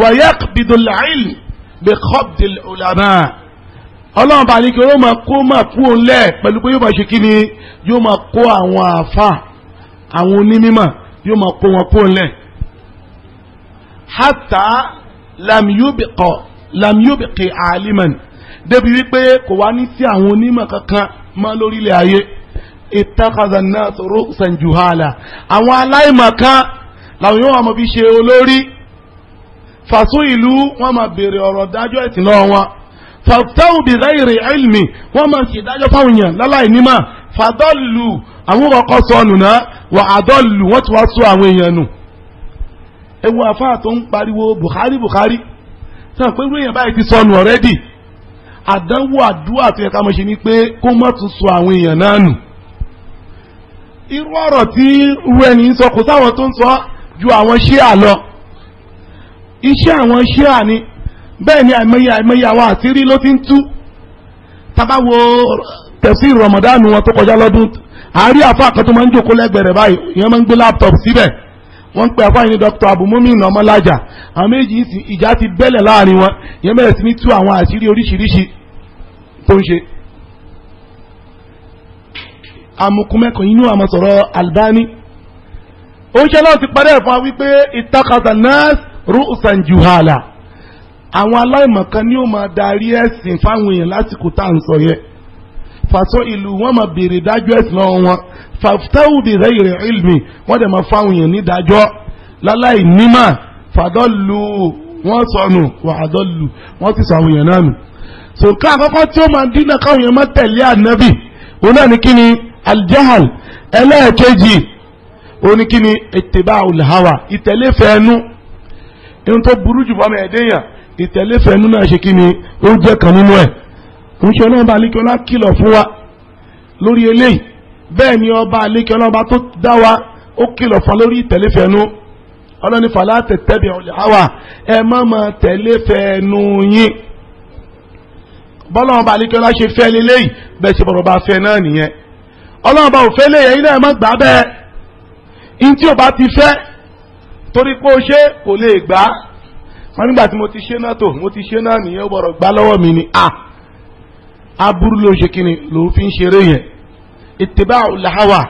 wàyẹ́k bidulail bẹ́kọ́bdìl ọ̀làmá ọlọ́run bá ní kí ó máa kó máa kú òun lẹ̀ pẹ̀lú pé yóò máa ṣe kí ni yóò máa kó àwọn àáfà àwọn onímọ̀ yóò máa kó wọn kú òun lẹ̀. hátà làmìyóbìkọ làmìyóbìkì àlìmọ̀ débi wípé kò wá ní sí àwọn onímọ̀ kankan mọ́ lórílẹ̀ ayé ìtàkàzà náà sọ̀rọ̀ sànjúhàlà àwọn aláìmọ̀ kan làwọn yóò máa fi ṣe olórí fàṣọ ìlú wọn máa béèrè ọ̀rọ̀ dájọ́ ẹ̀sìn lọ́wọ́ wọn fàtàwù bí láìrè ilmi wọ́n máa ṣe ìdájọ́ fáwọn èèyàn láláì nímà fàdọ́lù àwọn kọ̀ọ̀kan sọnù náà wà àdọ́lù wọ́n ti wá sọ àwọn èèyàn nù. ewu àfáà tó ń pariwo Bukhari Bukhari sọ pé irú báyìí ti sọnù ọ̀rẹ́dì àdánwò àdúrà tó yẹ ká mọ̀ ṣe ni pé kó má tún sọ àwọn èèyàn náà nù. irú ọ̀rọ̀ tí irú ẹni sọ kò sáwọn tó ń sọ ju àwọn ṣíà lọ iṣẹ́ àwọn ṣíà ni bẹ́ẹ̀ ni àìmọye àìmọye àwọn àṣírí ló ti ń tú tábà wo tẹ̀sí rọmọdánù wọn tó kọjá lọ́dún àárí àfa kan tó máa ń jókòó lẹ́gbẹ̀rẹ̀ báyìí ìyẹn máa ń gbé láptọ̀pù síbẹ̀ wọ́n ń pe àfa yìí ní dr abumumin ọmọlájà àwọn méjì ìjà ti bẹ́lẹ̀ láàrin wọn ìyẹn bẹ̀rẹ̀ sí ní tú àwọn àṣírí oríṣiríṣi tó ń ṣe amukumẹ́kọ̀ inú àmọ́ sọ̀rọ̀ Albani ó ń ṣe náà ti parẹ́ wa wípé ìtakàtà náà rúùsàn juhala àwọn aláìmọ̀kan ni ó máa darí ẹ̀sìn fáwọn èèyàn lásìkò tá à ń sọ yẹn fàṣọ ìlú wọn máa béèrè dájọ́ ẹ̀sìn lọ́wọ́ wọn fàtẹ́wù bi ghayri ilmi wọ́n dẹ̀ máa fáwọn èèyàn nídájọ́ láláì nímà fàdọ́lù wọ́n sọnù wàdọ́lù wọ́n ti sọ àwọn èèyàn náà nù. sòkè àkọ́kọ́ tí ó máa dínà káwọn èèyàn máa tẹ̀lé ànábì òun náà ní kí ni aljahal ẹlẹ́ẹ̀kejì òun ní kí ni ittiba'ul hawa ìtẹ̀lé fẹ́ẹ́nu ohun tó burú jù fọmọ ẹ̀dẹ́yàn ìtẹ̀lẹ́fẹ̀ nínú náà ṣe kí ni ó jẹ́ kan nínú ẹ̀ ń ṣe ọlọ́run bá alékẹ́ ọlá kìlọ̀ fún wa lórí eléyìí bẹ́ẹ̀ ni ọba alékẹ́ ọlọ́ba tó dá wa ó kìlọ̀ fún wa lórí ìtẹ̀lẹ́fẹ̀ nu ọlọ́ni fàlà tẹ̀tẹ̀bẹ̀ ọ̀lẹ̀ àwà ẹ má ma tẹ̀lẹ́fẹ̀ nu yín bọ́lọ́run bá alékẹ́ ọlá ṣe fẹ́ lélẹ́yìí bẹ́ẹ̀ ṣe bọ̀rọ̀ bá fẹ́ náà nìyẹn ọlọ́run ò fẹ́ lé yẹn ilé gbà bẹ́ẹ̀ in tí ò bá ti fẹ́ torí pé ó ṣe kò lè gbà á wọ́n nígbà tí mo ti ṣe náà tó mo ti ṣe náà nìyẹn bọ̀rọ̀ gbá lọ́wọ́ mi ni a ah! aburú ló ṣe kíni ló fi ń ṣeré yẹn ittiba'u lahawa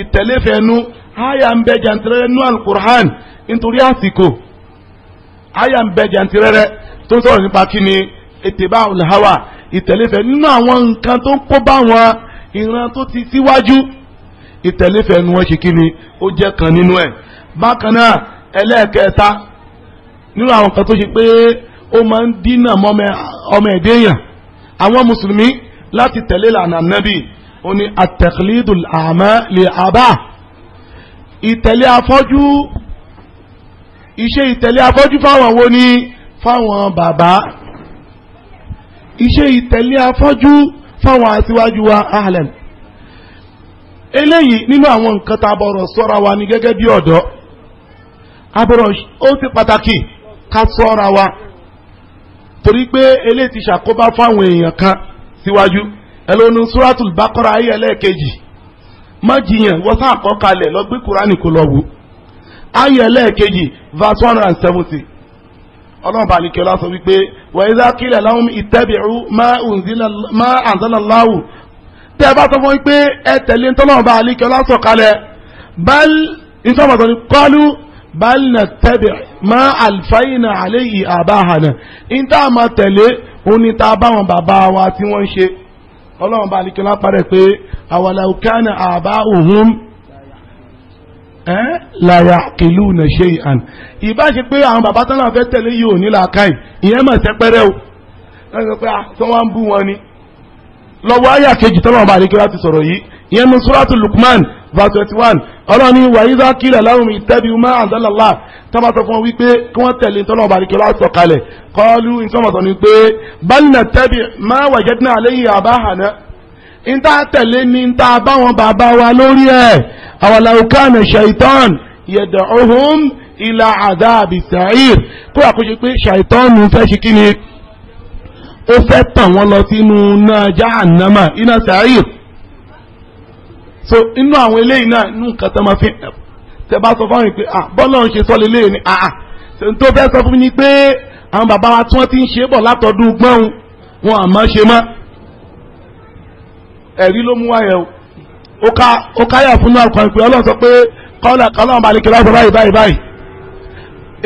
ìtẹ̀lẹ́fẹ̀ẹ́nu àyà ń bẹ jàǹtìrẹ́rẹ́ nú alukur'an nítorí àsìkò àyà ń bẹ jàǹtìrẹ́rẹ́ tó ń sọ̀rọ̀ nípa kíni ittiba'u lahawa ìtẹ̀lẹ́fẹ̀ẹ́ nínú àwọn nǹkan tó ń kó bá wọn ìran tó ti síwájú ìtẹ̀lẹ́fẹ̀ẹ́nu wọn ṣe kíni ó jẹ́ kan nínú ẹ̀ bákan náà ẹlẹ́ẹ̀kẹta nínú àwọn kan tó ṣe pé ó máa ń dínà mọ́ ọmọ ẹ̀dẹ́ èèyàn àwọn mùsùlùmí láti tẹ̀lé lànà nábì ó ní at-taqlidul a'ma li àbá ìtẹ̀lé afọ́jú iṣẹ́ ìtẹ̀lé afọ́jú fáwọn wo ni fáwọn bàbá iṣẹ́ ìtẹ̀lé afọ́jú fáwọn aṣíwájú wa ahlan eléyìí nínú àwọn nǹkan tá a bọ̀rọ̀ sọ́ra wa ni gẹ́gẹ́ bí ọ̀dọ́ abọ̀rọ̀ ó ti pàtàkì ká sọ́ra wa torí pé eléyìí ti ṣàkóbá fáwọn èèyàn kan síwájú ẹlòmínú suratul baqara ayé ẹlẹ́ẹ̀kejì má jiyàn wọ́n sá àkọ́kalẹ̀ lọ gbé kúránì kó lọ wò ayé ẹlẹ́ẹ̀kejì verse one hundred and seventy ọlọ́run bàlíkẹ́ ọlá sọ wípé wa idha qila lahum ittabi'u ma anzalallahu tẹ́ ẹ bá sọ fún yín pé ẹ tẹ̀lé ntọ́lọ́run bàlíkẹ́ ọlá sọ kalẹ̀ bal ntọ́mọ̀tọ́ ni qalu bal nattabi' máa àlìfáyìnà àléyìí àbáhànà níta máa tẹ̀lé òní ta báwọn bàbá wa tí wọ́n ń ṣe ọlọ́run bá alikẹ́lá parẹ́ pé àwàlà òkàna àbá òhun láyà kìlú nà ṣe àn ìbá ṣe pé àwọn bàbá tán náà fẹ́ tẹ̀lé yìí ò ní làákàyè ìyẹn mà sẹ́pẹ́rẹ́ o wọ́n sọ pé àwọn ah, bú wọn ni lọ́wọ́ ayé àkejì tọ́lọ́run bá alikẹ́lá ti sọ̀rọ̀ yìí ìyẹn ní suratu Luqman verse twenty one ọlọ́run ní wa idha qila lahum ittabi'u ma anzala Allah tọ́ba sọ fún wọn wípé kí wọ́n tẹ̀lé tọ́lọ́ ọba àdìkẹ́ láti sọ̀kalẹ̀ qalu ìtọ́mọ̀tọ̀ ni pé bal nattabi'u ma wajadna alayhi abahana níta tẹ̀lé ni níta báwọn bàbá wa lórí ẹ̀ awalaw kana shaitan yad'uhum ila adhabi sa'ir kó àkójọ pé shaitan fẹ́ ṣe kí ó fẹ́ tàn wọ́n lọ sínú náà jahannama iná sa'ir so inú àwọn eléyìí náà inú nǹkan tó máa fi tẹ bá sọ fún mi ah bọ́lá ń ṣe sọ́lé léyìí ni ah, ah. tó fẹ́ sọ fún mi ni pé àwọn bàbá wa tí wọ́n ti ń ṣe bọ̀ látọdún gbọ́n wọn àmọ́ ṣe mọ́ ẹ̀rí ló mú wáyẹ̀ o ó káyà fún náà kan pé ọlọ́run pé kọ́lá kọ́lá ọba àlekè láti báyìí báyìí báyìí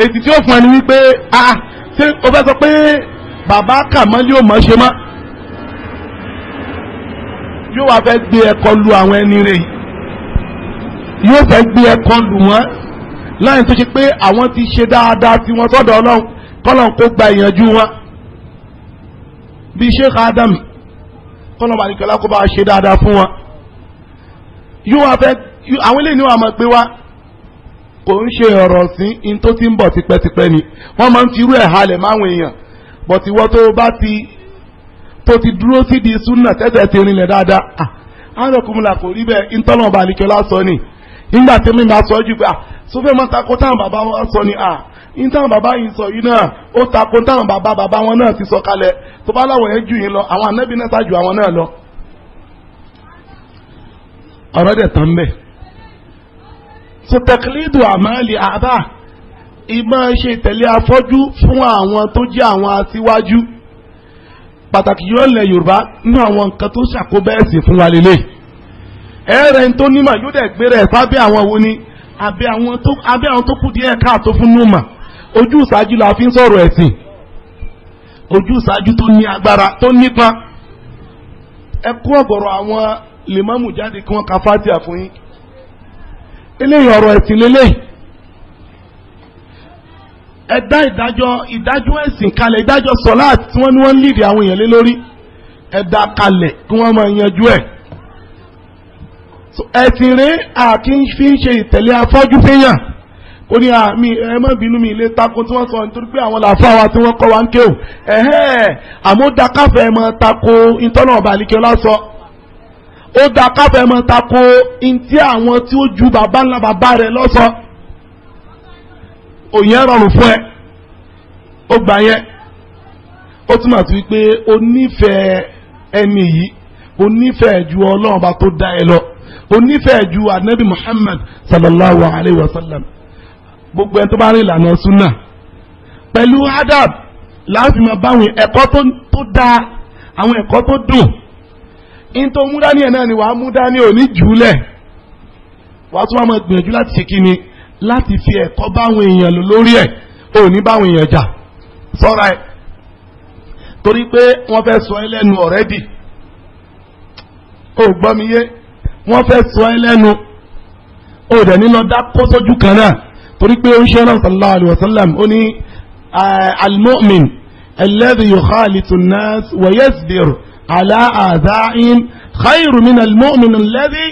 èsì tí fún ẹ wípé ah, ah ṣé o fẹ́ sọ pé bàbá kàmọ́lé ò mọ́ ṣe mọ́ yóò wá fẹ́ gbé ẹkọ lu àwọn ẹni rẹ̀ yóò fẹ́ gbé ẹkọ lù wọ́n láyìn tó ṣe pé àwọn ti ṣe dáadáa tí wọ́n sọ́dọ̀ ọlọ́run kọ́lọ́n kó gba ìyànjú wọn bí Sheikh Adam kọ́lọ́n bá nìkan lákó bá ṣe dáadáa fún wọn yóò wá fẹ́ àwọn eléyìí ni wọ́n máa pé wá kò ń ṣe ọ̀rọ̀ sí in tó ti ń bọ̀ tipẹ́tipẹ́ ni wọ́n máa ń fi ẹ̀ halẹ̀ máwọn èèyàn bọ̀tí wọ́n tó bá ti tó ti dúró sí di súnà tẹ́tẹ̀ ti rinlẹ̀ dáadáa àwọn ọkùnrin là kò rí bẹ́ẹ̀ ntọ́nà ọba àlìkẹ́lá sọ ni nígbà tí mi máa sọ jù pé ah, sọfẹ́ máa takò táwọn bàbá wọn sọ ni ah, ní táwọn bàbá yìí sọ yìí náà ó takò táwọn bàbá bàbá wọn náà ti sọ kalẹ̀ tó bá láwọn yẹn jù yín lọ àwọn anábì náà ṣáájú àwọn náà lọ. ọ̀rọ̀ dẹ̀ tán bẹ́ẹ̀. so tẹ̀kílídù àmàlì àbá ìmọ̀ ṣe tẹ̀lé afọ́jú fún àwọn tó jẹ́ àwọn aṣíwájú pàtàkì yóò lẹ yorùbá nínú àwọn nǹkan tó ṣàkóbá ẹ̀sìn fún wa lélẹ̀ ẹ̀rẹ̀ tó nímọ̀ yóò dẹ̀ gbé rẹ̀ sábẹ́ àwọn wo ni abẹ́ àwọn tó abẹ́ àwọn tó kù díẹ̀ káàtó fún númọ̀ ojú ìsájú la fi ń sọ̀rọ̀ ẹ̀sìn ojú ìsájú tó ní agbára tó nípa ẹ kó ọ̀gọ̀rọ̀ àwọn lèmọ́mù jáde kí wọ́n ka fátíà fún yín eléyìí ọ̀rọ̀ ẹ̀sìn lélẹ́yìí ẹ dá ìdájọ́ ìdájọ́ ẹ̀sìn kalẹ̀ ìdájọ́ sọ̀láàt tí wọ́n ní wọ́n ń lìdí àwọn èèyàn lé lórí ẹ dá kalẹ̀ kí wọ́n máa yanjú ẹ̀. ẹ̀sìn rẹ̀ àti fi ń ṣe ìtẹ̀lé afọ́jú fẹ́yàn ó ní àmì ẹ má bínú mi ilé tako tí wọ́n sọ nítorí pé àwọn làáfà wa tí wọ́n kọ́ wa ń kéwò ẹ̀hẹ́ àmọ́ ó da káfẹ́ mọ́ tako ìtọ́nà ọba àlìkẹ́ lásọ ó da káfẹ́ mọ́ tako ìtí àwọn tí ó ju bàbá ńlá bàbá rẹ̀ lọ́sọ̀ọ́ òyìn rọrùn fún ẹ ó gbà yẹn ó túmọ̀ sí wípé o nífẹ̀ẹ́ ẹni yìí o nífẹ̀ẹ́ ju ọlọ́run bá tó dá ẹ lọ o nífẹ̀ẹ́ ju anabi muhammad sallallahu alayhi wa sallam gbogbo ẹni tó bá rìn ìlànà súnà pẹ̀lú adab láàfin máa báwọn ẹ̀kọ́ tó dáa àwọn ẹ̀kọ́ tó dùn in tó mú dání ẹ̀ náà ni wàá mú dání òní jùlẹ̀ wàá tún wàá máa gbìyànjú láti ṣe kí ni láti fi ẹ̀kọ́ báwọn èèyàn lò lórí ẹ̀ ò ní báwọn èèyàn jà sọ́ra ẹ̀ torí pé wọ́n fẹ́ sọ ẹ́ lẹ́nu ọ̀rẹ́dì ò gbọ́ mi yé wọ́n fẹ́ sọ ẹ́ lẹ́nu ò dẹ̀ ní lọ dá kó sójú kan náà torí pé ó ń ṣe náà sallallahu alayhi ó ní ah, al-mu'min alladhi yukhalitu an-nas wa yasbir ala adha'in khayru min al-mu'min alladhi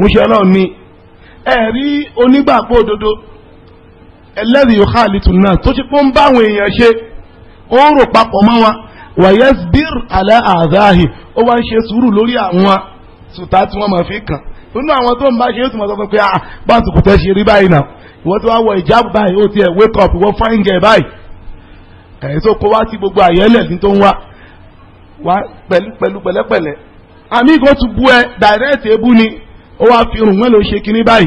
múṣẹ́ ọlọ́run ni ẹ̀rí onígbàgbọ́ òdodo ẹlẹ́rì yòókà àlìtún náà tó ṣe pé ń bá àwọn èèyàn ṣe ó ń rò papọ̀ mọ́ wọn wàyẹ́s bír alẹ́ àdáhì ó wá ń ṣe sùúrù lórí àwọn sùtá tí wọ́n máa fi kàn nínú àwọn tó ń bá ṣe yóò tún máa sọ pé ah báńtù kò ṣe rí báyìí náà ìwọ́n tó wá wọ ìjáàbù báyìí ó ti ẹ̀ wake up ìwọ́n fáyín gẹ̀ báyìí ẹ̀yìn tó kó wá sí gbogbo àyẹ́lẹ̀ ní tó ń wá wá pẹ̀lú pẹ̀lú pẹ̀lẹ́pẹ̀lẹ́ àmì kò tún bú ẹ direct ebú ni ó wá fi rùn wọ́n lè ṣe kinní báyìí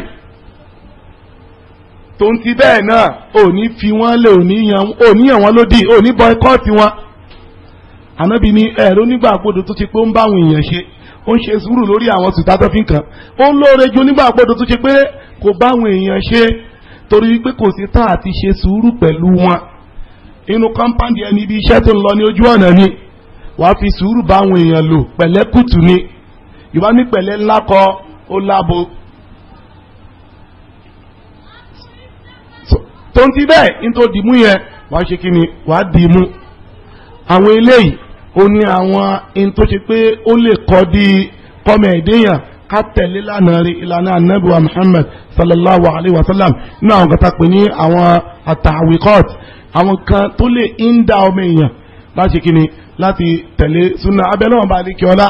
tó ń ti bẹ́ẹ̀ náà ò ní fi wọ́n lè ò ní yàn wọ́n lódì ò ní bọ́ikọ́ọ̀tì wọn ànábì ní ẹ̀rọ nígbàgbọ́dọ̀ tó ti pé ó ń bá àwọn èèyàn ṣe ó ń ṣe sùúrù lórí àwọn sùtátọ́ fi kan ó ń lóore ju nígbàgbọ́dọ̀ tó ti pé kò bá àwọn èèyàn ṣe torí wípé kò sí tán àti ṣe sùúrù pẹ̀lú wọn inú kọ́ńpáǹdì ẹni ibi iṣẹ́ tó ń lọ ní ojú ọ̀nà ni wàá fi sùúrù bá àwọn èèyàn lò pẹ̀lẹ́kùtù ni ìwà ní pẹ̀lẹ́ ńlá kọ ó lábọn tó ń ti bẹ́ẹ̀ nítorí dìmú yẹn wàá ṣe kí ni wàá dìmú àwọn eléyìí ó ní àwọn ẹni tó ṣe pé ó lè kọ́ di kọ́mẹ̀ ìdéyàn ká tẹ̀lé lánàá rí ìlànà anábìwá Muhammad sallallahu alayhi wa sallam nínú àwọn kan tá a pè ní àwọn àtàwíkọ́t àwọn kan tó lè ń dá ọmọ èèyàn láti kí ni láti tẹ̀lé súnà abẹ́lẹ́wọ̀n bá lè kí ọlá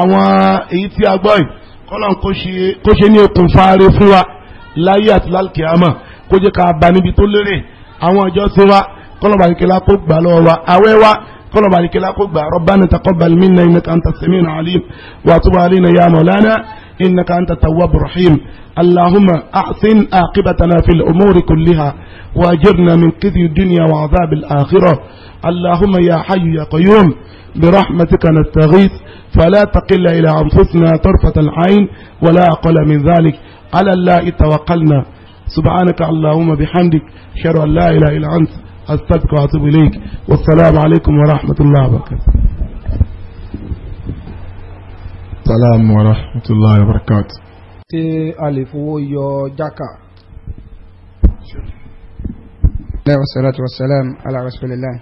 àwọn èyí tí a gbọ́ yìí kọ́lọ́n kó ṣe ní okùn fàárẹ fún wa láyé àti lálkìámà kó jẹ́ ká bá níbi tó lérè àwọn ọjọ́ sí wa kọ́lọ́n bàríkẹ́lá kó gbà lọ́wọ́ wa àwẹ̀ wa kọ́lọ́n bàríkẹ́lá kó gbà rabbana taqabbal minna innaka anta sami'ul alim wa tub alayna ya maulana. إنك أنت التواب الرحيم اللهم أحسن عاقبتنا في الأمور كلها وأجرنا من كثي الدنيا وعذاب الآخرة اللهم يا حي يا قيوم برحمتك نستغيث فلا تقل إلى أنفسنا طرفة العين ولا أقل من ذلك على الله توكلنا سبحانك اللهم بحمدك شر الله لا إله إلا أنت أستبقى وأتوب إليك والسلام عليكم ورحمة الله وبركاته salaam wa rahmatulahi wa barakatu. ṣé a lè fowó yọ jáka. alayhi wa salatu wa salam ala rasulillah.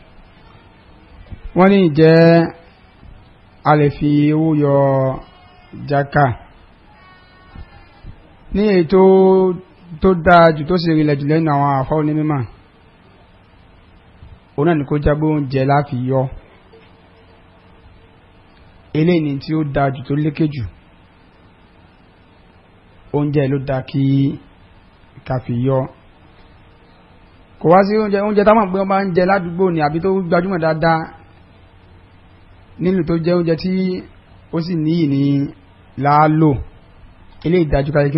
wọ́n ní ìjẹ́ a lè fi owó yọ jáka. ní ètò tó dáa jù tó sì rí àwọn àfọ́ onímọ̀ òun náà ni láfi yọ eléyìí ni tí ó dáa jù tó lékè jù oúnjẹ ló dáa kí ká fi yọ kò wá sí oúnjẹ oúnjẹ táwọn àgbẹ̀ wọn ń jẹ ládùúgbò ni àbí tó gbajúmọ̀ dáadáa nílùú tó jẹ́ oúnjẹ tí ó sì níyì ní láálò eléyìí dájú ká yẹ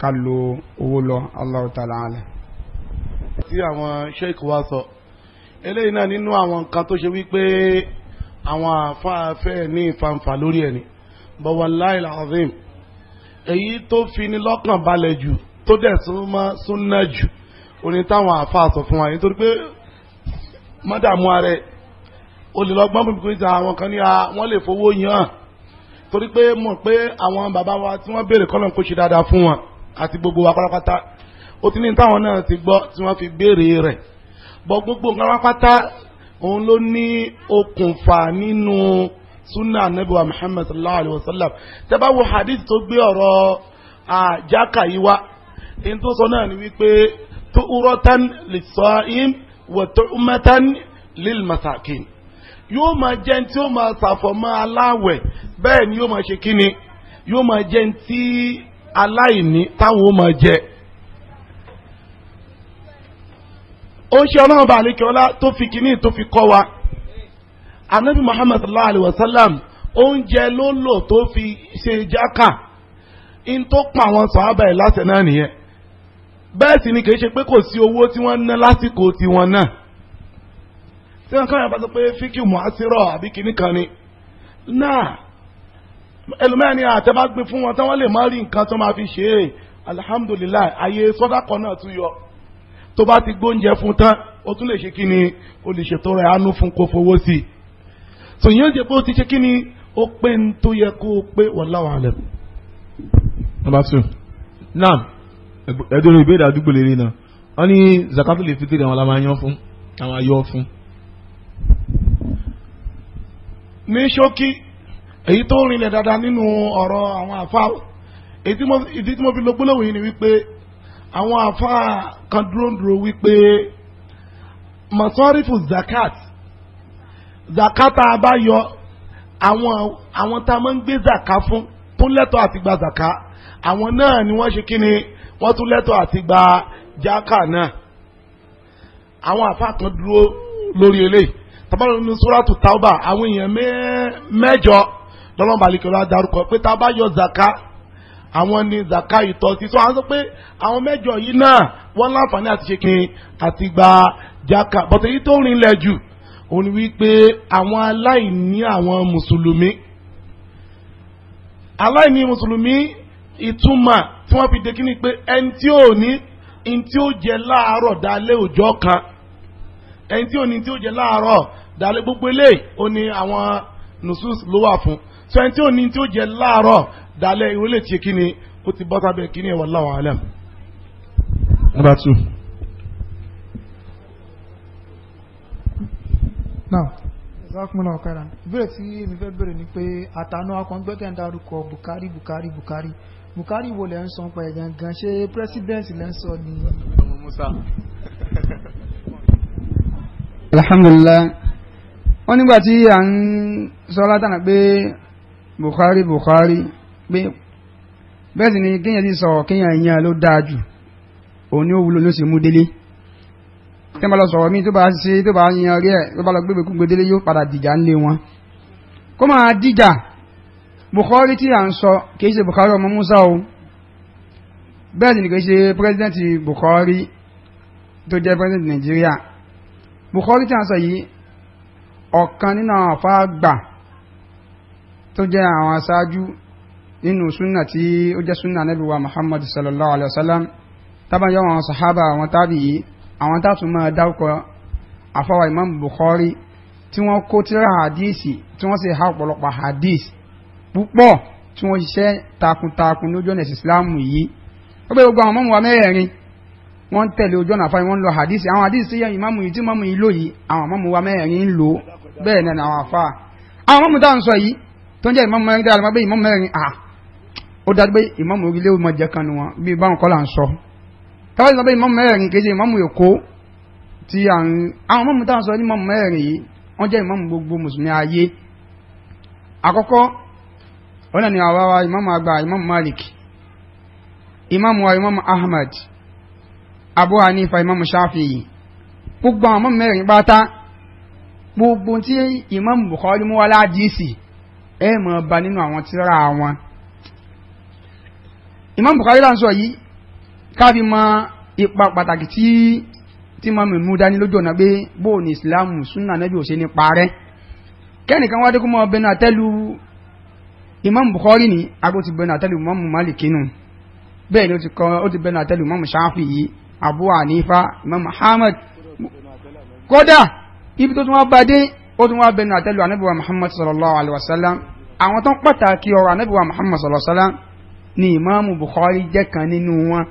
ká lo owó lọ Allahu ta'ala ala. tí àwọn sheik wa sọ eléyìí náà nínú àwọn nǹkan tó ṣe wípé àwọn àfáàfẹ́ ní ìfàǹfà lórí ẹni but wallahi alazim èyí tó fi ní lọ́kàn balẹ̀ jù tó dẹ̀ súnmọ́ súnná jù oní táwọn àfáà sọ fún wa nítorí pé mọ́dàmú ààrẹ olùlọ́gbọ́n bíbí kò ní ta àwọn kan ní ah, wọ́n lè fowó yàn án torí pé mọ̀ pé àwọn bàbá wa tí wọ́n béèrè kọ́lọ̀ kó ṣe dáadáa fún wọn àti gbogbo wa pátápátá ó ní táwọn náà ti gbọ́ tí wọ́n fi béèrè rẹ̀ bọ́ gbogbo nǹkan pátápátá òun ló ní okùnfà nínú sunna anabi wa muhammad sallallahu alayhi wa sallam tẹ́bá wo hadith tó gbé ọ̀rọ̀ àjàkà yìí wá èyí tó sọ náà ni wípé tó urọ́tán lè sọ im wọ̀tọ́ umẹ́tán lil masakin yóò máa jẹ́ tí ó máa ṣàfọ̀mọ́ aláwẹ̀ bẹ́ẹ̀ ni yóò máa ṣe kíni yóò máa jẹ́ tí aláìní táwọn ó máa jẹ́ ó ṣe ọlọ́run bá àlékè ọlá tó fi kíní tó fi kọ́ wa anabi muhammad sallallahu alayhi wa sallam oúnjẹ ló lò tó fi ṣe jáka in tó pa àwọn sàhábà ẹ̀ láṣẹ náà nìyẹn bẹ́ẹ̀ sì ni kì í ṣe pé kò sí owó tí wọ́n ná lásìkò tiwọn náà tí wọ́n kàn bá sọ pé fíkì muhasirọ̀ àbí kíní kan ni náà ẹlòmíràn ni àtẹ́bá gbé fún wọn tí lè má rí nǹkan tó máa fi ṣe é alihamudulilayi ayé sọ́dákọ̀ náà tún yọ tó bá ti gbóúnjẹ fún tán o tún lè ṣe kí ni o lè ṣètò rẹ̀ àánú fún kó fowó sí i so ìyẹn jẹ́ pé o ti ṣe kí ni ó pé n tó yẹ kó o pé wallahu alam. number two now ẹ̀dọ́rọ̀ ìbéèrè àdúgbò lè rí náà wọ́n ní zakatul fitr àwọn alámayán fún àwọn ayọ́ fún. ní ṣókí èyí tó rinlẹ̀ dáadáa nínú ọ̀rọ̀ àwọn àfa èyí tí mo fi lo gbólóhùn yìí ni wípé àwọn àfa kan dúró dúró wípé mọ̀sọ́rífù zakat zakata abáyọ àwọn àwọn tá a máa ń gbé zaka fún tó lẹ́tọ̀ọ́ àti gba zaka àwọn náà ni wọ́n ṣe kí ni wọ́n tún lẹ́tọ̀ọ́ àti gba jákà náà àwọn àfa kan dúró lórí eléyìí tabalọ ní suratu tauba àwọn èèyàn mẹ́jọ lọ́lọ́mọbalẹ̀ kẹlẹ́ adarúkọ pé tá a bá zaka àwọn ni zaka ìtọ́ sí so àwọn sọ pé àwọn mẹ́jọ yìí náà wọ́n láǹfààní àti ṣe kin àti gba jaka bọ̀tẹ̀ yìí tó rinlẹ̀ jù òun ni wípé àwọn aláìní àwọn mùsùlùmí aláìní mùsùlùmí ìtumọ̀ tí wọ́n fi de kí ni pé ẹni tí ò ní ẹni tí ó jẹ láàárọ̀ dalẹ́ òjọ́ kan ẹni tí ò ní ẹni tí ó jẹ láàárọ̀ dalẹ́ gbogbo eléyìí ó ní àwọn nusus ló wà fún un. twenty ẹni tí ó jẹ láàárọ̀ dalẹ̀ ìwé lè tiẹ̀ kíni ó ti bọ́ sábẹ́ kíni ẹ̀wọ̀ láwọn alẹ́. number two. now ìsọkùnrin ọ̀kadà ìbéèrè tí èmi fẹ́ bèrè ni pé àtànú akọ̀ ń darúkọ Bukari Bukari Bukari Bukari wo lẹ́ ń sọ pa ṣé pírẹsidẹ́ǹsì lẹ́ ń alhamdulilayi nígbà tí à ń sọ Bukhari Bukhari pé bẹ́ẹ̀ ni kéèyàn ti sọ̀rọ̀ kéèyàn yẹn ló dáa jù òun ni ó wúlò ló sì mú délé tẹ́ bá lọ sọ̀rọ̀ mi tó bá ṣe tó bá yan rí ẹ̀ tó bá lọ gbégbé kúgbé délé yóò padà dìjà ńlé wọn kó máa dìjà Bukhari tí à ń sọ kì í ṣe Bukhari ọmọ Musa o bẹ́ẹ̀ ni kì í ṣe pírẹ́sidẹ́ǹtì Bukhari tó jẹ́ pírẹ́sidẹ́ǹtì Nàìjíríà Bukhari tí à ń sọ yìí ọ̀kan nínú àwọn tó jẹ́ àwọn aṣáájú nínú súnà tí ó jẹ́ súnà Ànábì wa Muhammad sallallahu alayhi wa sallam tábàyọ̀ àwọn sàhábà àwọn tábìyí àwọn tátùn máa dárúkọ àfọwà Imam Bukhari tí wọ́n kó tíra hadisi tí wọ́n sì há ọ̀pọ̀lọpọ̀ hadisi púpọ̀ tí wọ́n ṣiṣẹ́ takuntakun lójú ọ̀nà ìsìláàmù yìí ó bẹ gbogbo àwọn mọ́mú wa mẹ́rẹ̀ẹ̀rin wọ́n ń tẹ̀lé ojú ọ̀nà àfáà wọ́n ń lọ hadisi àwọn hadisi tí ìmáàmù yìí tí mọ́mú yìí lò yìí àwọn mọ́mú wa mẹ́rẹ̀ẹ̀rin ń lò bẹ́ẹ̀ náà àwọn àfáà àwọn mọ́mú táwọn sọ yìí tó ń jẹ́ ìmọ̀ mẹ́rin dára bí ìmọ̀ mẹ́rin à ó dájú pé ìmọ̀ orílẹ̀ ó mọ̀ jẹ́ kan wọn bí báwọn kọ́ là ń sọ táwọn ìlọ́bẹ̀ ìmọ̀ mẹ́rin kì í ṣe ìmọ̀ èkó ti àrùn àwọn mọ̀mù táwọn sọ ní ìmọ̀ mẹ́rin yìí wọ́n jẹ́ ìmọ̀ gbogbo mùsùlùmí ayé àkọ́kọ́ wọn ni àwa wa ìmọ̀ àgbà ìmọ̀ Malik ìmọ̀ wa ìmọ̀ Ahmad Abu Hanifa ìmọ̀ Shafi'i gbogbo àwọn mọ̀mù mẹ́rin pátá gbogbo tí ìmọ̀ Bukhari mú wa ẹ mọ̀ ba nínú àwọn tíra wọn. Imam Bukhari là ń sọ yìí káfí mọ ipa pàtàkì tí tí mọ mi mú dání lójú ọ̀nà pé bóò ní Islam sunna nẹ́bí ò ṣe ní parẹ́ kẹ́nìkan wá dé mọ ọbẹ̀ náà tẹ́lu Imam Bukhari ni agbó ti bẹ̀ náà tẹ́lu Imam Malik nù bẹ́ẹ̀ ni ó ti kọ́ ó ti bẹ̀ náà tẹ́lu Imam Shafi'i Abu Anifa Imam Muhammad kódà ibi tó tún wá bá dé ó tún wá bẹnu àtẹ́lu anábìwá muhammad sallallahu alayhi wa sallam àwọn tó ń pàtàkì ọ̀rọ̀ anábìwá muhammad sallallahu alayhi wa sallam ni imaamu bukhari jẹ́ kan nínú wọn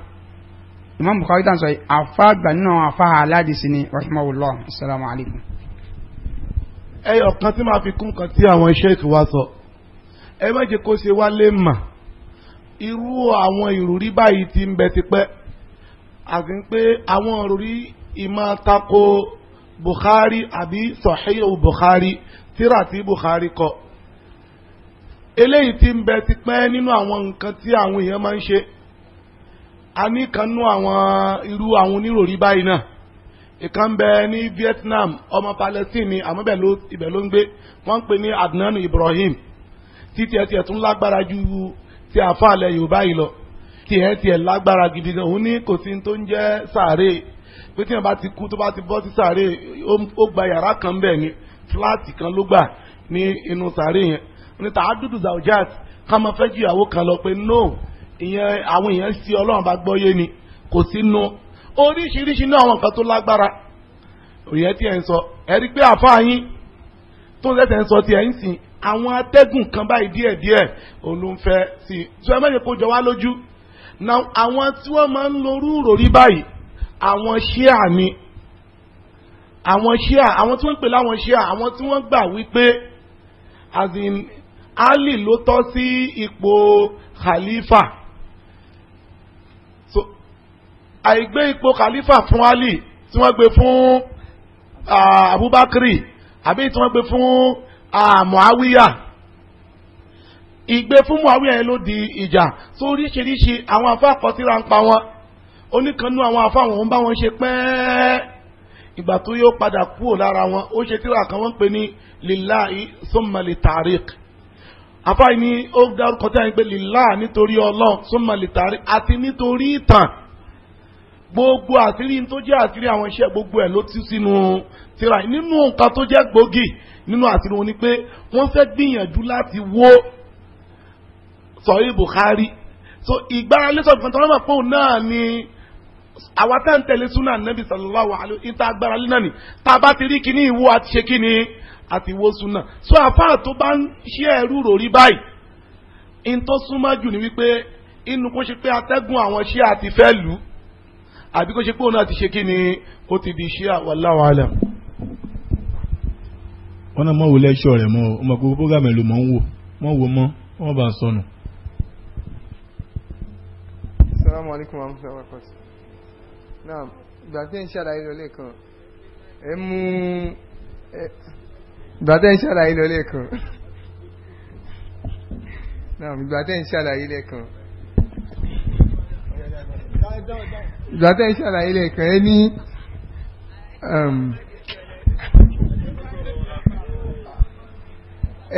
imaamu bukhari tàn sọ àfa àgbà nínú àwọn àfa aládìsí ni rahimahullah assalamu alaykum. ẹyọ kan tí màá fi kún kan tí àwọn sheikh wa sọ ẹ má jẹ́ kó ṣe wá mà irú àwọn ìròrí báyìí ti ń bẹ tipẹ́ àti pé àwọn ìròrí ìmọ̀ tako bukhari àbí sahihu bukhari tírà tí bukhari kọ eléyìí tí ń bẹ ti pẹ́ nínú àwọn nǹkan tí àwọn èèyàn máa ń ṣe a ní kan àwọn irú àwọn oníròrí báyìí náà ìkan bẹ ní Vietnam ọmọ Palestine ni àmọ́ ibẹ̀ ló ń gbé wọ́n ń pè ní Adnan Ibrahim títí ẹ tiẹ̀ tún lágbára ju ti àfàlẹ̀ Yorùbá yìí lọ tiẹ̀ tiẹ̀ lágbára gidi gan òun ní kò sí tó ń jẹ́ sàárè pé tí wọn bá ti kú tó bá ti bọ́ sí sàárè ó gba yàrá kan bẹ́ẹ̀ ni fúláàtì kan ló gbà ní inú sàárè yẹn oníta àdúdù zaujat ká máa fẹ́ ju ìyàwó kan lọ pé no ìyẹn àwọn èèyàn sí ọlọ́run bá gbọ́ yé ni kò sí nu oríṣiríṣi ní àwọn nǹkan tó lágbára òyìn tí ẹ̀ ń sọ ẹ rí pé àfáà yín tó ń sẹ́sẹ̀ ń sọ tí ẹ̀ ń sìn àwọn atẹ́gùn kan báyìí díẹ̀díẹ̀ òun ló sí i tí wọ́n mẹ́rin kó jọ wá lójú àwọn tí wọ́n máa ń lo rúurò rí báyìí àwọn ṣíà ni àwọn ṣíà àwọn tí wọ́n ń pè láwọn ṣíà àwọn tí wọ́n gbà wípé as in Ali ló tọ́ sí ipò khalifa so àìgbé ipò khalifa fún Ali tí wọ́n gbé fún Abubakar àbí tí wọ́n gbé fún Muawiya ìgbé fún Muawiya yẹn ló di ìjà so oríṣiríṣi àwọn afọ àkọsíra ń pa wọn oníkanú àwọn afáwọn ń bá wọn ṣe pẹ́ẹ́ ìgbà tó yóò padà kúrò lára wọn ó ṣe tíra kan wọ́n pè ní lillahi summa li tariq afáyín ni ó dárúkọ tí a ń pè lillahi nítorí ọlọ́run summa li tariq àti nítorí ìtàn gbogbo àṣírí tó jẹ́ àṣírí àwọn iṣẹ́ gbogbo ẹ̀ ló ti sínú tíra nínú nǹkan tó jẹ́ gbòógì nínú àṣírí wọn ni pé wọ́n fẹ́ gbìyànjú láti wó sọ̀rí Bukhari so ìgbára lẹ́sọ̀ ìfọ̀ntàn náà pé náà ni àwa tá à ń tẹ̀lé súnà nẹ́bí sallallahu alaihi ìta agbára lẹ́nà ni tá a bá ti rí kíní ìwọ àti ṣe kíní àti ìwọ súnà so àfáà tó bá ń ṣe ẹ̀rú ròrí báyìí in tó súnmọ́ jù ni wípé inú kó ṣe pé atẹ́gùn àwọn ṣé àti fẹ́ lù ú àbí kó ṣe pé òun náà ṣe kíní ó ti di ṣé wallahu alam. wọn náà mọ̀ wò lẹ́ṣọ̀ rẹ̀ mọ́ ọmọ gbogbo programme ló mọ̀ ń wò mọ̀ wò náà gbàtẹ́ ń ṣàlàyé lọlé kan ẹ mú gbàtẹ́ ń ṣàlàyé lọlé kan náà gbàtẹ́ ń ṣàlàyé lẹ́kan gbàtẹ́ ń ṣàlàyé lẹ́kan ẹ ní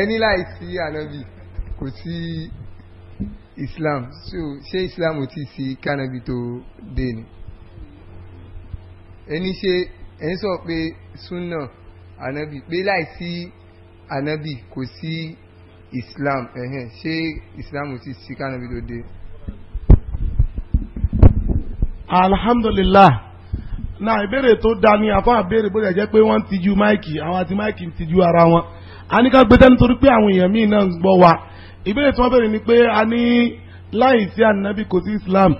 ẹni láìsí ànábì kò sí islam so ṣé islam ò ti sí kánábì tó dé ni ẹni ṣe ẹni sọ pé súnà ànábì pé láìsí ànábì kò sí islam ẹ̀hẹ́n ṣé islam ti sí kánábì tó dé. alhamdulillah na ìbéèrè tó da ni àfa àbéèrè bó lè jẹ́ pé wọ́n ń tijú máìkì àwọn àti máìkì ń tijú ara wọn a ní ká gbé tẹ́ni torí pé àwọn èèyàn míì náà ń gbọ́ wa ìbéèrè tí wọ́n béèrè ni pé a ní láì sí kò sí islam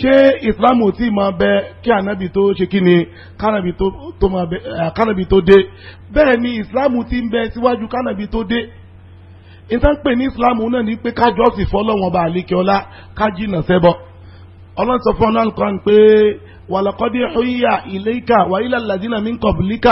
ṣé islam ò tí máa bẹ kí anabi tó ṣe kí ni kánabi eh, tó dé bẹ́ẹ̀ ni islam ti ń bẹ síwájú kánabi tó dé ìtàn pè ní islam náà ni pé kájọ́sìn fọlọ́wọ́n bá àlékè ọlá kájínà sẹ́bọ̀ ọlọ́run sọ fún ọlọ́run kan pé. ولقد حي إليك وإلى الذين من قبلك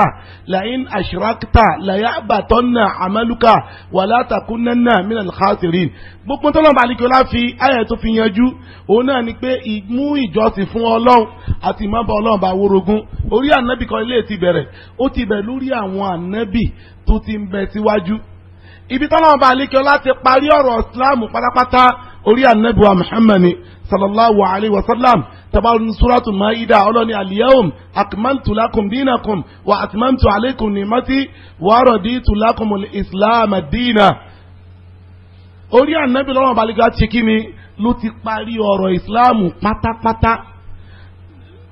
لئن أشركت ليأبطن عملك ولا تكونن من الخاسرين gbogbo tó lọ́nà àlekè ọlá fi ayẹ̀ tó fi yanjú òun náà ni pé ìmú ìjọsìn fún ọlọ́run àti ìmọ̀bọ ọlọ́run bá worogún orí ànábì kan ilé ti bẹ̀rẹ̀ ó ti bẹ̀rẹ̀ lórí àwọn ànábì tó ti ń bẹ síwájú ibi tó lọ́nà àlekè ọlá ti parí ọ̀rọ̀ Islam pátápátá orí anabiwa muhammad sallallahu alayhi wa sallam tabaru suratu maida ọlọ́ni aliyahum akmaltu lakum dinakum wa atmamtu alaykum nimati wa raditu lakum islam dina orí anabi lọ́wọ́ balùwẹ̀ ti kí ni ló ti parí ọ̀rọ̀ islam pátápátá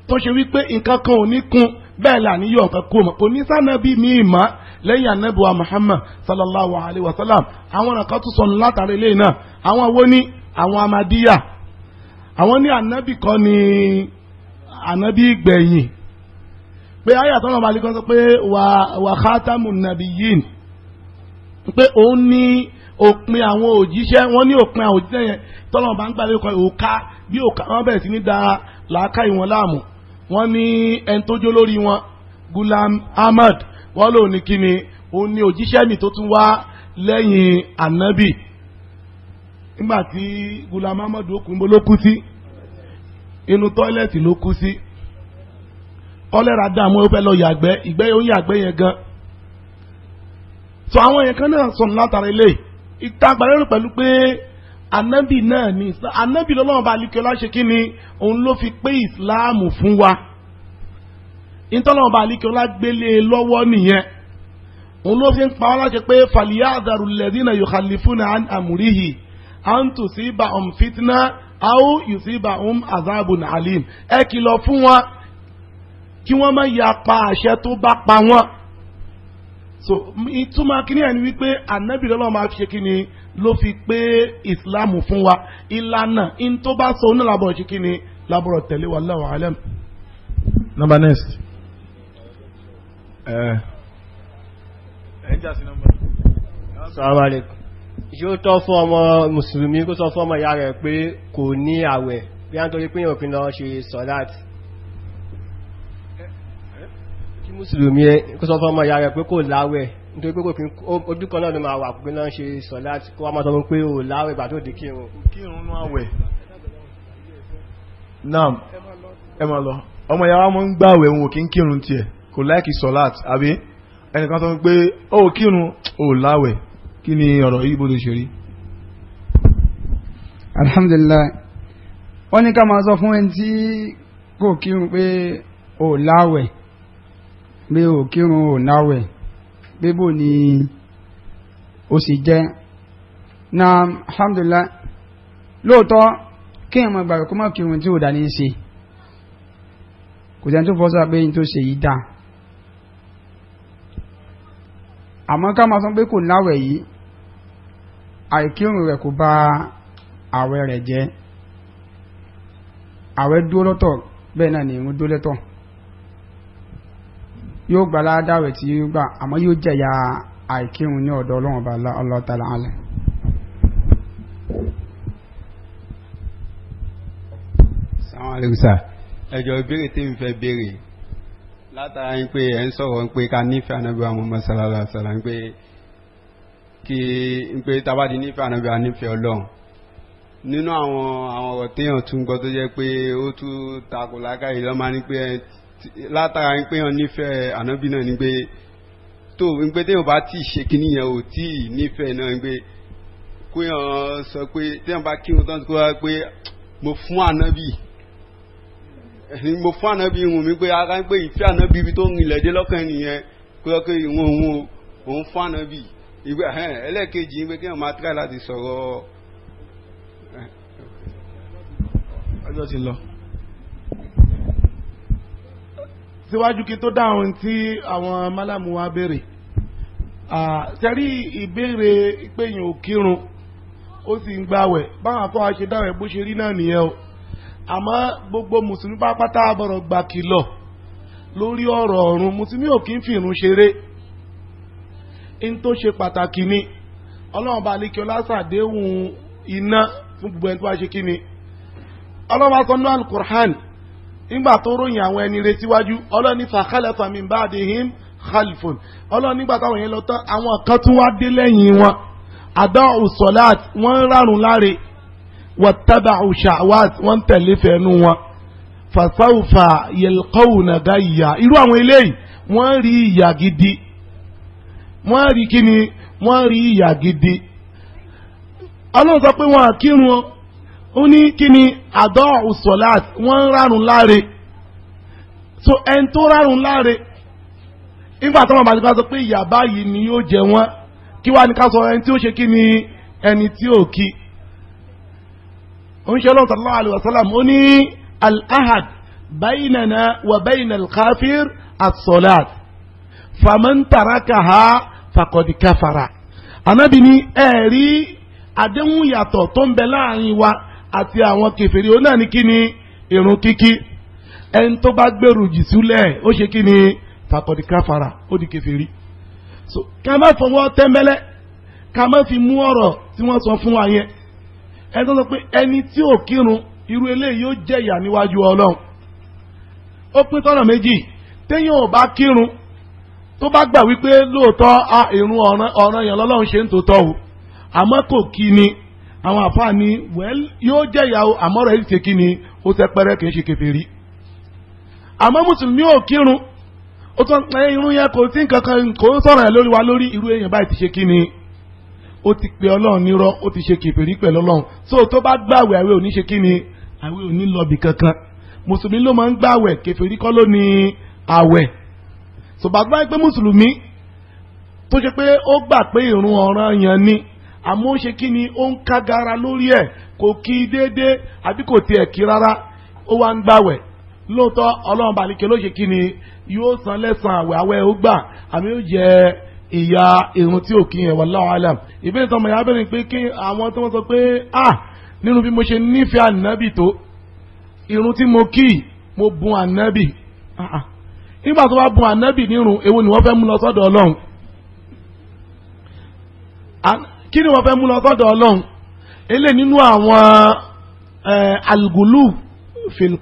tó ṣe wípé nǹkan kan ò ní kún bẹ́ẹ̀ là níyọ̀ nǹkan kó mọ̀ kò ní sànàbí mi mọ́ lẹ́yìn anabiwa muhammad sallallahu alayhi wa sallam àwọn nǹkan tó sọnù látàrí ilé náà àwọn wo ni àwọn amadíyà àwọn ní ànábì kọ́ ni ànábì gbẹ̀yìn pé ayàtọ̀ náà balẹ̀ kan sọ pé wà khatamu nabiyyin pé òun ní òpin àwọn òjíṣẹ́ wọ́n ní òpin àwọn òjíṣẹ́ yẹn tọ́lọ́mọ bá ń gbàlẹ́ kọ́ òka bí òka wọ́n bẹ̀rẹ̀ sí ní da làákà ìwọ̀n láàmú wọ́n ní ẹni tó jó lórí wọn Gulam Ahmad wọ́n lò ní kíni òun ní òjíṣẹ́ mi tó tún wá lẹ́yìn ànábì nígbà tí Gula Muhammadu okunbo ló kú sí inú tọ́ílẹ̀tì ló kú sí kọ́lẹ́rà dààmú ó fẹ́ lọ yàgbẹ́ ìgbẹ́ ó yàgbẹ́ yẹn gan sọ àwọn yẹn kan náà sọnù látara ilé ìta gbàlérò pẹ̀lú pé anabi náà ni anabi lọ́lọ́run bá alikẹ́ ọlá ṣe kí ni òun ló fi pé ìsìláàmù fún wa ìtọ́lọ́run bá alikẹ́ ọlá gbélé e lọ́wọ́ nìyẹn òun ló fi ń pa ọ́ láṣẹ pé fàlíyà àdàrú lẹ́dínà yòókàlífúnà àmúríhì an tusibahum fitna aw yusibahum azabun alim ẹ kìlọ̀ fún wọn kí wọ́n má ya pa àṣẹ tó bá pa wọ́n so ìtumọ̀ kínní ẹ̀ ni wípé ànábì lọ́lọ́ máa fi ṣe kí ni ló fi pé ìsìláàmù fún wa ìlànà in tó bá sọ oní làbọ̀rọ̀ ṣe kí ni tẹ̀lé wa lọ́wọ́ alẹ́m. number next. Eh, ẹ ẹ jà sí number. salaamaleykum yóò tọ́ fún ọmọ mùsùlùmí kó sọ fún ọmọ ìyá rẹ̀ pé kò ní àwẹ̀ bí a ń torí pé òfin lọ ṣe sọ̀láàtì kí mùsùlùmí kó sọ fún ọmọ ìyá rẹ̀ pé kò láwẹ̀ nítorí pé kòfin ojúkọ náà ló máa wà pé lọ ṣe sọ̀láàtì kó wá mọ́ sọ pé ò láwẹ̀ bà tó dì kírun kírun nú ń pé ó kírun ò láwẹ̀ kí ni ọ̀rọ̀ yìí bó ló ṣe rí. alhamdulillah wọ́n ní ká máa sọ fún ẹni tí kò kírun pé ò láwẹ̀ pé ò kírun ò láwẹ̀ pé bò ní ó sì jẹ́ na alhamdulillah lóòótọ́ kí èèyàn máa gbàgbé kó má kírun tí ò dá ní í ṣe kò sẹ́ni tó fọ́ sábẹ́ yìí tó ṣe yìí dáa àmọ́ ká máa sọ pé kò náwẹ̀ yìí àìkírun rẹ̀ kò bà àwẹ̀ rẹ̀ jẹ́ àwẹ̀ dúró lọ́tọ̀ bẹ́ẹ̀ náà ni irun dúró lọ́tọ̀ yóò gbà ládàwẹ̀ tí yóò gbà àmọ́ yóò jẹ̀yà àìkírun ní ọ̀dọ̀ ọlọ́run bá ọlọ́tàlá alẹ́. ẹjọ ìbéèrè tí n fẹ́ béèrè látara ń pé ẹ̀ ń sọ̀rọ̀ ń pé ká nífẹ̀ẹ́ anábíà Muhammad sallallahu alaihi wasallam ń pé kí ń pé tábàdì nífẹ̀ẹ́ anábíà nífẹ̀ẹ́ ọlọ́run nínú àwọn àwọn ọ̀rọ̀ téèyàn tún gbọ́ tó jẹ́ pé ó tún takò lákàyè lọ́mọ ní pé látara ń pé hàn nífẹ̀ẹ́ anábì náà ní pé tó ń pé téèyàn bá tí ì ṣe kíní yẹn ò tí ì nífẹ̀ẹ́ náà ń pé kó yàn sọ pé téèyàn bá kírun tán kó wá pé mo fún anábì ni mo fún ànábì ìhùn mi pé ara ń pé ìfẹ́ ànábì ibi tó ń rìnlẹ̀ dé lọ́kàn nìyẹn pé ọkẹ́ ìwọ̀n òun o òun fún ànábì ìgbà ẹlẹ́ẹ̀kejì ń pé kí wọ́n máa tíráì láti sọ̀rọ̀ ọjọ́ ti lọ. síwájú kí n tó dáhùn tí àwọn málàmù wa béèrè sẹ́rí ìbéèrè pé èèyàn ò kírun ó sì ń gbàwẹ̀ báwọn akọ́ ṣe dáwẹ̀ bó ṣe rí náà nìyẹn o àmọ́ gbogbo mùsùlùmí pápátá àbọ̀rọ̀ gbà kìlọ̀ lórí ọ̀rọ̀ ọ̀run mùsùlùmí ò kí ń fi ìrun ṣeré ń tó ṣe pàtàkì ni ọlọ́run bá lékè ọlásàdéhùn iná fún gbogbo ẹni tó bá ṣe kí ni ọlọ́run bá sọ nínú alukur'an nígbà tó ròyìn àwọn ẹni retí wájú ọlọ́run ní fakhalafa min ba'dihim khalfun ọlọ́run nígbà táwọn yẹn lọ tán àwọn kan tún wá dé lẹ́yìn wọn àdán òsọ̀láàt wọ́n ń láre wattaba'u shahawat wọ́n ń tẹ̀lé fẹ́nu wọn fasawfa yalqawna gayya irú àwọn eléyìí wọ́n rí ìyà gidi wọ́n rí kíni wọ́n rí ìyà gidi ọlọ́run sọ pé wọ́n àkírun ọ ó ní kíni àdọ́ọ̀hùn sọ̀láàt wọ́n so ẹni tó rárun láre nígbà tó wọn bá ti bá sọ pé ìyà báyìí ni yóò jẹ wọn kí wàá ní ká sọ ẹni tí ó ṣe kíni ẹni tí ò kí oníṣẹ́ ọlọ́run sallallahu alayhi wa sallam ó ní al-ahad baynana wa bayna al-kafir as-salat faman tarakaha faqad kafara anabi ni ẹ̀rí àdéhùn yàtọ̀ tó ń bẹ láàrin wa àti àwọn kèfèrí ó náà ní kí ni irun kíkí ẹni tó bá gbèrú jì sílẹ̀ ó ṣe kí ni faqad kafara ó di kèfèrí ká má fọwọ́ tẹ́mbẹ́lẹ́ ká má fi mú ọ̀rọ̀ tí wọ́n sọ fún wa yẹn ẹni tó sọ pé ẹni tí ò kírun irú eléyìí yóò jẹ ìyà níwájú ọlọ́run ó pín tọ́nà méjì téèyàn ò bá kírun tó bá gbà wípé lóòótọ́ a ìrun ọ̀ràn yẹn lọ́lọ́run ṣe ń tòótọ́ o àmọ́ kò kí ni àwọn àfáà ni wẹ́l yóò jẹ ìyà o àmọ́ rẹ̀ ṣe kí ni ó tẹ pẹ́rẹ́ kì í ṣe kèfèrí àmọ́ mùsùlùmí ò kírun ó tọ́ irun yẹn kò sí nǹkan kan kò sọ̀rọ̀ yẹn lórí wa lórí irú èèyàn báyìí ti ṣe kí ni ó ti pe ọlọ́run nírọ́ ó ti ṣe kèfèrí pẹ̀lú ọlọ́run so tó bá gbàwẹ̀ àwẹ̀ òní ṣe kí ni àwẹ̀ òní lọ́bì kankan mùsùlùmí ló máa ń gbàwẹ̀ kèfèrí kọ́ ló ní àwẹ̀ sọ̀bàgbà pé mùsùlùmí tó ṣe pé ó gbà pé ìrun ọ̀ranyàn ni àmọ́ ó ṣe kí ni ó ń kágara lórí ẹ̀ kò kí déédéé àbí kò tiẹ̀ kí rárá ó wá ń gbàwẹ̀ lóòótọ́ ọlọ́run bàlíkẹ́ ló ṣe kí ni yóò san lẹ́sàn àwẹ̀ àwẹ̀ ó gbà àmì ó jẹ́ ìyá irun tí ò kí yẹn wallahu alam ìbéèrè tọmọ ìyá bẹ̀rẹ̀ pé kí àwọn tó wọ́n sọ pé à nínú bí mo ṣe nífẹ̀ẹ́ ànábì tó irun tí mo kí mo bun ànábì ah, ah. nígbà tó bá bun ànábì nírun èwo ni wọ́n fẹ́ mú lọ sọ́dọ̀ ọlọ́run kí ni wọ́n fẹ́ mú lọ sọ́dọ̀ ọlọ́run eléyìí nínú àwọn eh, algulu fil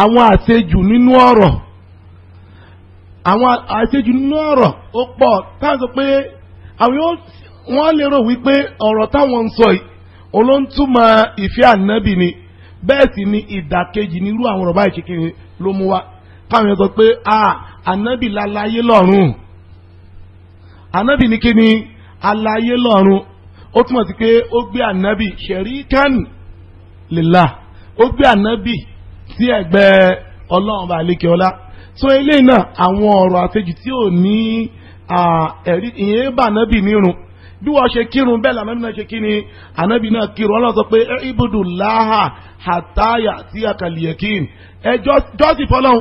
àwọn àṣejù nínú ọ̀rọ̀ àwọn àṣejù nínú ọ̀rọ̀ ó pọ̀ táwọn sọ pé àwọn yóò wọ́n lérò wípé ọ̀rọ̀ táwọn ń sọ yìí olóńtúmọ̀ ìfẹ́ ànábì ni bẹ́ẹ̀ sì ni ìdàkejì nírú àwọn ọ̀rọ̀ báyìí ṣèkìrì ló mú wa káwọn yẹn sọ pé a ànábì lálàyé lọ́rùn ànábì ní ni àlàyé lọ́rùn ó túmọ̀ sí pé ó gbé ànábì ṣẹ̀ríkàn lillah ó gbé ànábì sí ẹ̀gbẹ́ ọlọ́run bá lékè ọlá so eléyìí náà àwọn ọ̀rọ̀ àfejù tí ò ní ẹ̀rí ìyẹn bá ànábì nírun bí wọ́n ṣe kírun bẹ́ẹ̀ lànàbì náà ṣe kí ni ànábì náà kírun ọlọ́run sọ pé ibùdó láhà àtàyà tí a kà lìyẹ kí n ẹ jọ́sìn fọlọ́run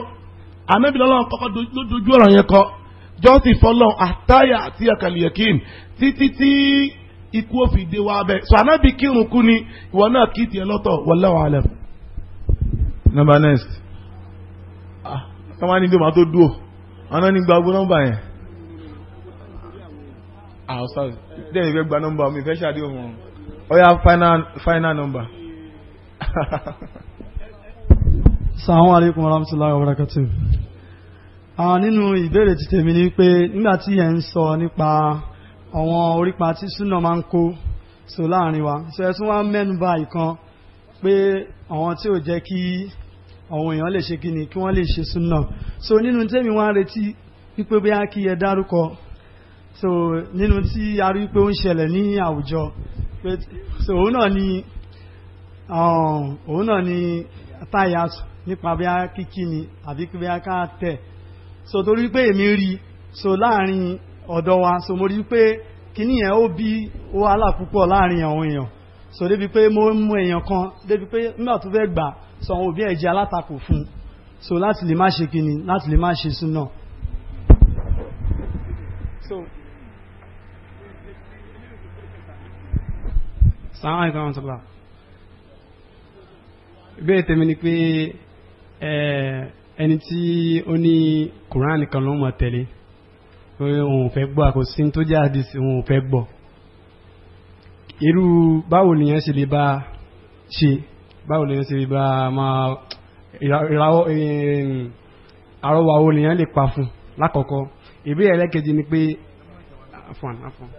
ànábì lọ́lọ́run kọ́kọ́ dojú ọ̀rọ̀ yẹn kọ jọ́sìn fọlọ́run àtàyà tí a kà lìyẹ kí n títí tí ikú ó fi dé wa bẹ́ẹ̀ so ànábì kírun kú ni ìwọ náà kí tiẹ̀ lọ́tọ̀ wallahu alam. number next tó máa ní gbé máa tó dúò aná ní gba agbó nọ́mbà yẹn àwọ̀sáà dẹ́yìn ìfẹ́ gba nọ́mbà omi ìfẹ́ ṣàdé òun ọ̀yá final number. [laughs] Assalamu alaikum warahmatullahi wabarakatuh. Ah, nínú ìbéèrè ti tèmi ni pé nígbà tí ẹ̀ ń sọ nípa àwọn orípa tí súnà máa ń kó so láàrin wa so tún wá mẹ́nu bà ìkan pé àwọn tí ò jẹ́ kí àwọn èèyàn lè ṣe kíni kí wọ́n lè ṣe súnà so nínú tẹ́mi wọ́n á retí wípé bóyá kí ẹ dárúkọ so nínú tí a rí pé ó ń ṣẹlẹ̀ ní àwùjọ so òun náà ni um, òun náà ni táyà nípa bóyá kíkíni àbí bóyá ká tẹ̀ so torí pé èmi rí so láàrin ọ̀dọ̀ wa so mo rí pé kíní yẹn ó bí wàhálà púpọ̀ láàrin àwọn èèyàn so débi pé mo mú èèyàn kan débi pé nígbà tó fẹ́ gbà so àwọn òbí ẹ̀ jẹ́ alátakò fún so láti lè má ṣe kíni láti lè má ṣe súnà. sàwọn ìkan wọn sọgbà ìbéèrè tèmi ni pé ẹni tí ó ní Quran nìkan ló mọ̀ tẹ̀lé pé òun fẹ́ gbọ́ àkóso tó jẹ́ àdìsí òun fẹ́ gbọ́ irú báwo nìyẹn ṣe lè bá ṣe báwo lè ṣe bá máa ìràwọ̀ àrọwà wo lèèyàn lè pa fún lákọ̀ọ́kọ́ ìbí ẹlẹ́kejì ni pé afọ́n afọ́n.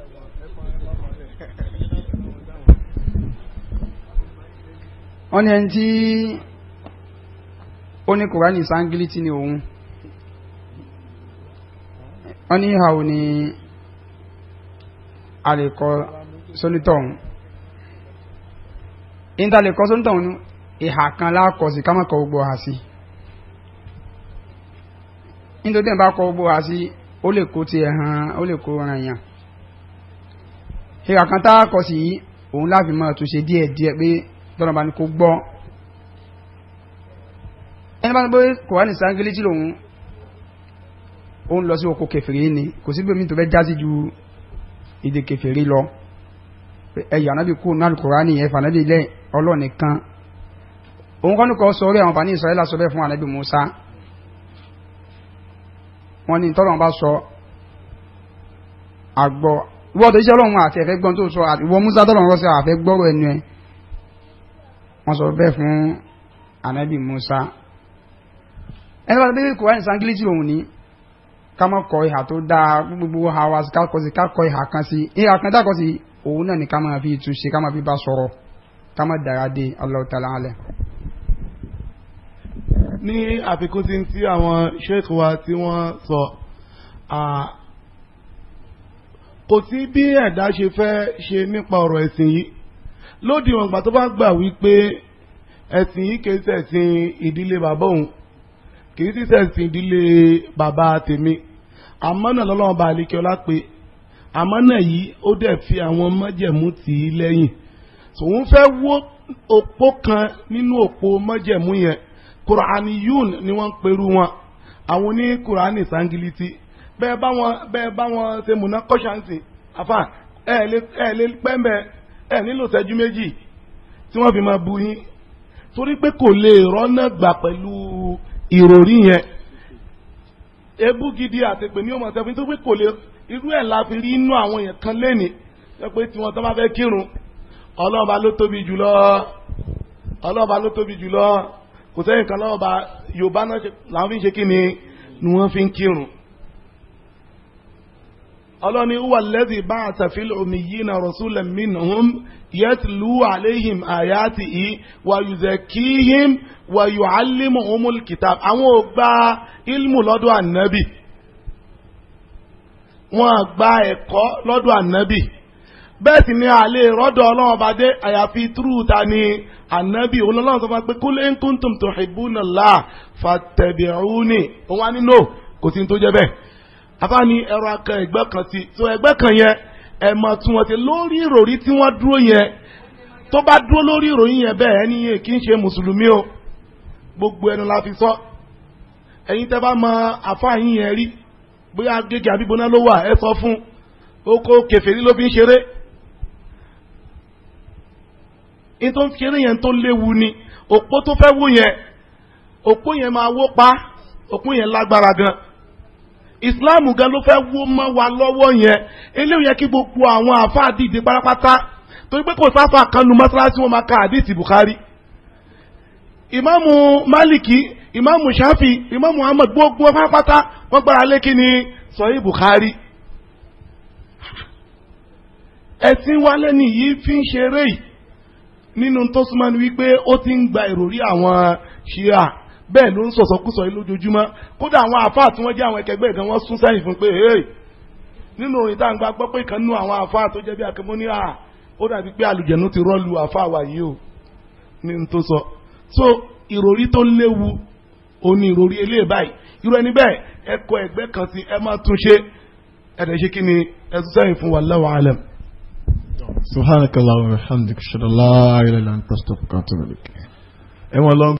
wọ́n ní ẹni tí ó ní kùránì sángílítì ni òun wọ́n ní ìhà ò àlèkọ́ sólítọ̀ ọ̀hún níta le kọ́ sóńtọ̀ ní ìhà kan lákọ̀ sí kámọ́ kọ gbogbo ọ̀hà sí nítorí ẹ̀ bá kọ gbogbo ọ̀hà sí ó lè kó ti ẹ̀hàn ó lè kó ọ̀ràn yàn ìhà kan tá a kọ sí yìí òun láfi mọ́ àtúnṣe díẹ̀ díẹ̀ pé tọ́nà bá ní kó gbọ́ ẹni bá ní pé kòránì lòun ó ń lọ sí oko kẹfìrí ni kò sí bómi tó fẹ́ já sí ju èdè kẹfìrí lọ ẹ̀yà náà bí kú náà kòránì ẹ̀fà náà ọlọ́run nìkan òun kọ́ ní kọ́ sọ orí àwọn bani israẹla sọ bẹ́ẹ̀ fún anabi musa wọn ni tọ́lọ́run bá sọ àgbọ̀ ìwọ tó iṣẹ́ ọlọ́run àti ẹ̀fẹ́ gbọ́n tó sọ ìwọ musa tọ́lọ́run rọ́ sí àfẹ́ gbọ́rọ̀ ẹnu ẹ wọn sọ bẹ́ẹ̀ fún anabi musa ẹni bá ti bẹ́ẹ̀ kó ẹni sangilisi òun ni ká má kọ ìhà tó dáa gbogbo ha ká kọ sí ká kọ ìhà kan sí ìhà kan dákọ sí òun náà ni ká má fi túnṣe ká má fi bá sọ̀rọ̀ kama dara de Allahu ta'ala alẹ. ní àfikún sí ti àwọn sheikh wa tí wọ́n sọ kò sí bí ẹ̀dá ṣe fẹ́ ṣe nípa ọ̀rọ̀ ẹ̀sìn yìí lódì wọn gbà tó bá gbà wípé ẹ̀sìn yìí kìí ṣẹ̀sìn ìdílé bàbá òun kìí sì ṣẹ̀sìn ìdílé bàbá tèmi àmọ́ náà lọ́lọ́run bá àlékè ọlá pé àmọ́ náà yìí ó dẹ̀ fi àwọn mọ́jẹ̀mú tì í lẹ́yìn sòun fẹ́ wó òpó kan nínú òpó mọ́jẹ̀mú yẹn kùránì yún ni wọ́n ń perú wọn àwọn oní kùránì sangiliti bẹ́ẹ̀ bá wọn bẹ́ẹ̀ bá wọn ṣe múná kọ́ṣáǹtì àfà ẹ̀ lé ẹ̀ lé pẹ́ńbẹ́ ẹ̀ nílò ṣẹ́jú méjì tí wọ́n fi máa bu yín torí pé kò lè rọ́nà gbà pẹ̀lú ìròrí yẹn ebú gidi àtẹ̀pẹ̀ ní ọmọ sẹ́fún nítorí pé kò lè irú ẹ̀ la fi rí inú àwọn èèyàn kan lénìí sọ pé tí wọ́n tán bá fẹ́ kírun ọlọ́ọ̀ba ló tóbi jùlọ ọlọ́ọ̀ba ló tóbi jùlọ kò sẹ́yìn kan lọ́ọ̀ba yorùbá náà làwọn fi ń ṣe kí ni ni wọ́n fi ń kírun ọlọ́ni wà lẹ́dí bá àtàfil omi yìí na rọ̀súlẹ̀ mìíràn yẹtìlú àléhìm àyàtì yìí wà yùzẹ̀ kíhìm wà yù álímù umul kìtàb àwọn ò gba ilmù lọ́dọ̀ ànábì wọ́n gba ẹ̀kọ́ lọ́dọ̀ ànábì bẹ́ẹ̀ ni àlè rọ́dọ̀ ọlọ́run ọba dé àyàfi túrú ni ànábì òun lọ́lọ́run sọ fún wa pé kul in kuntum tuhibbuna Allah fattabi'uni òun wá nínú kò sí tó jẹ́ bẹ́ẹ̀ afá ni ẹ̀rọ akẹ́ ẹgbẹ́ kan sí so ẹgbẹ́ kan yẹn ẹ mọ̀ tí wọ́n ti lórí ìròrí tí wọ́n dúró yẹn tó bá dúró lórí ìròyìn yẹn bẹ́ẹ̀ ẹni yẹn kì í ṣe mùsùlùmí o gbogbo ẹnu la fi sọ ẹ̀yin tẹ́ bá mọ afá yín yẹn rí bóyá gègé àbíbóná ló wà ẹ sọ fún oko kèfèrí ló fi ń ṣeré ní tó ń fi eré tó léwu ni òpó tó fẹ́ wó yẹn òpó yẹn máa wó pa òpó yẹn lágbára gan ìsìláàmù gan ló fẹ́ wó mọ́ wa lọ́wọ́ yẹn eléyìí yẹ kí gbogbo àwọn àáfàá dìde pátápátá torí pé kò sáfà kan lu mọ́sálásí wọn máa ka àdìsí Bukhari ìmáàmù Málìkì ìmáàmù Ṣáfì ìmáàmù Ahmad gbogbo pátápátá wọ́n gbára lé kí ni sọ̀rí Bukhari ẹ̀sìn wálé nìyí fi ń ṣeré yìí nínú tó súnmọ́ ni wípé ó ti ń gba ìròrí àwọn ṣíà bẹ́ẹ̀ ló ń sọ̀sọ́kúsọ yìí lójoojúmọ́ kódà àwọn àfáà tí wọ́n jẹ́ àwọn ẹkẹgbẹ́ ìkan wọ́n sún sẹ́yìn fún pé nínú òyìn tá à ń gba gbọ́ pé ìkan nínú àwọn àfáà tó jẹ́ bí akẹ́mọ́níà ó dàbí pé àlùjẹ̀nu ti rọ́ọ̀lù àfáà wa yìí o ní tó sọ so ìròrí tó léwu òun ni ìròrí eléyìí báyìí irú ẹni bẹ́ẹ̀ ẹkọ ẹgbẹ́ kan sí ẹ má túnṣe subhanakallahumma wa bihamdika ashhadu an la ilaha illa anta astaghfiruka wa atubu ilaik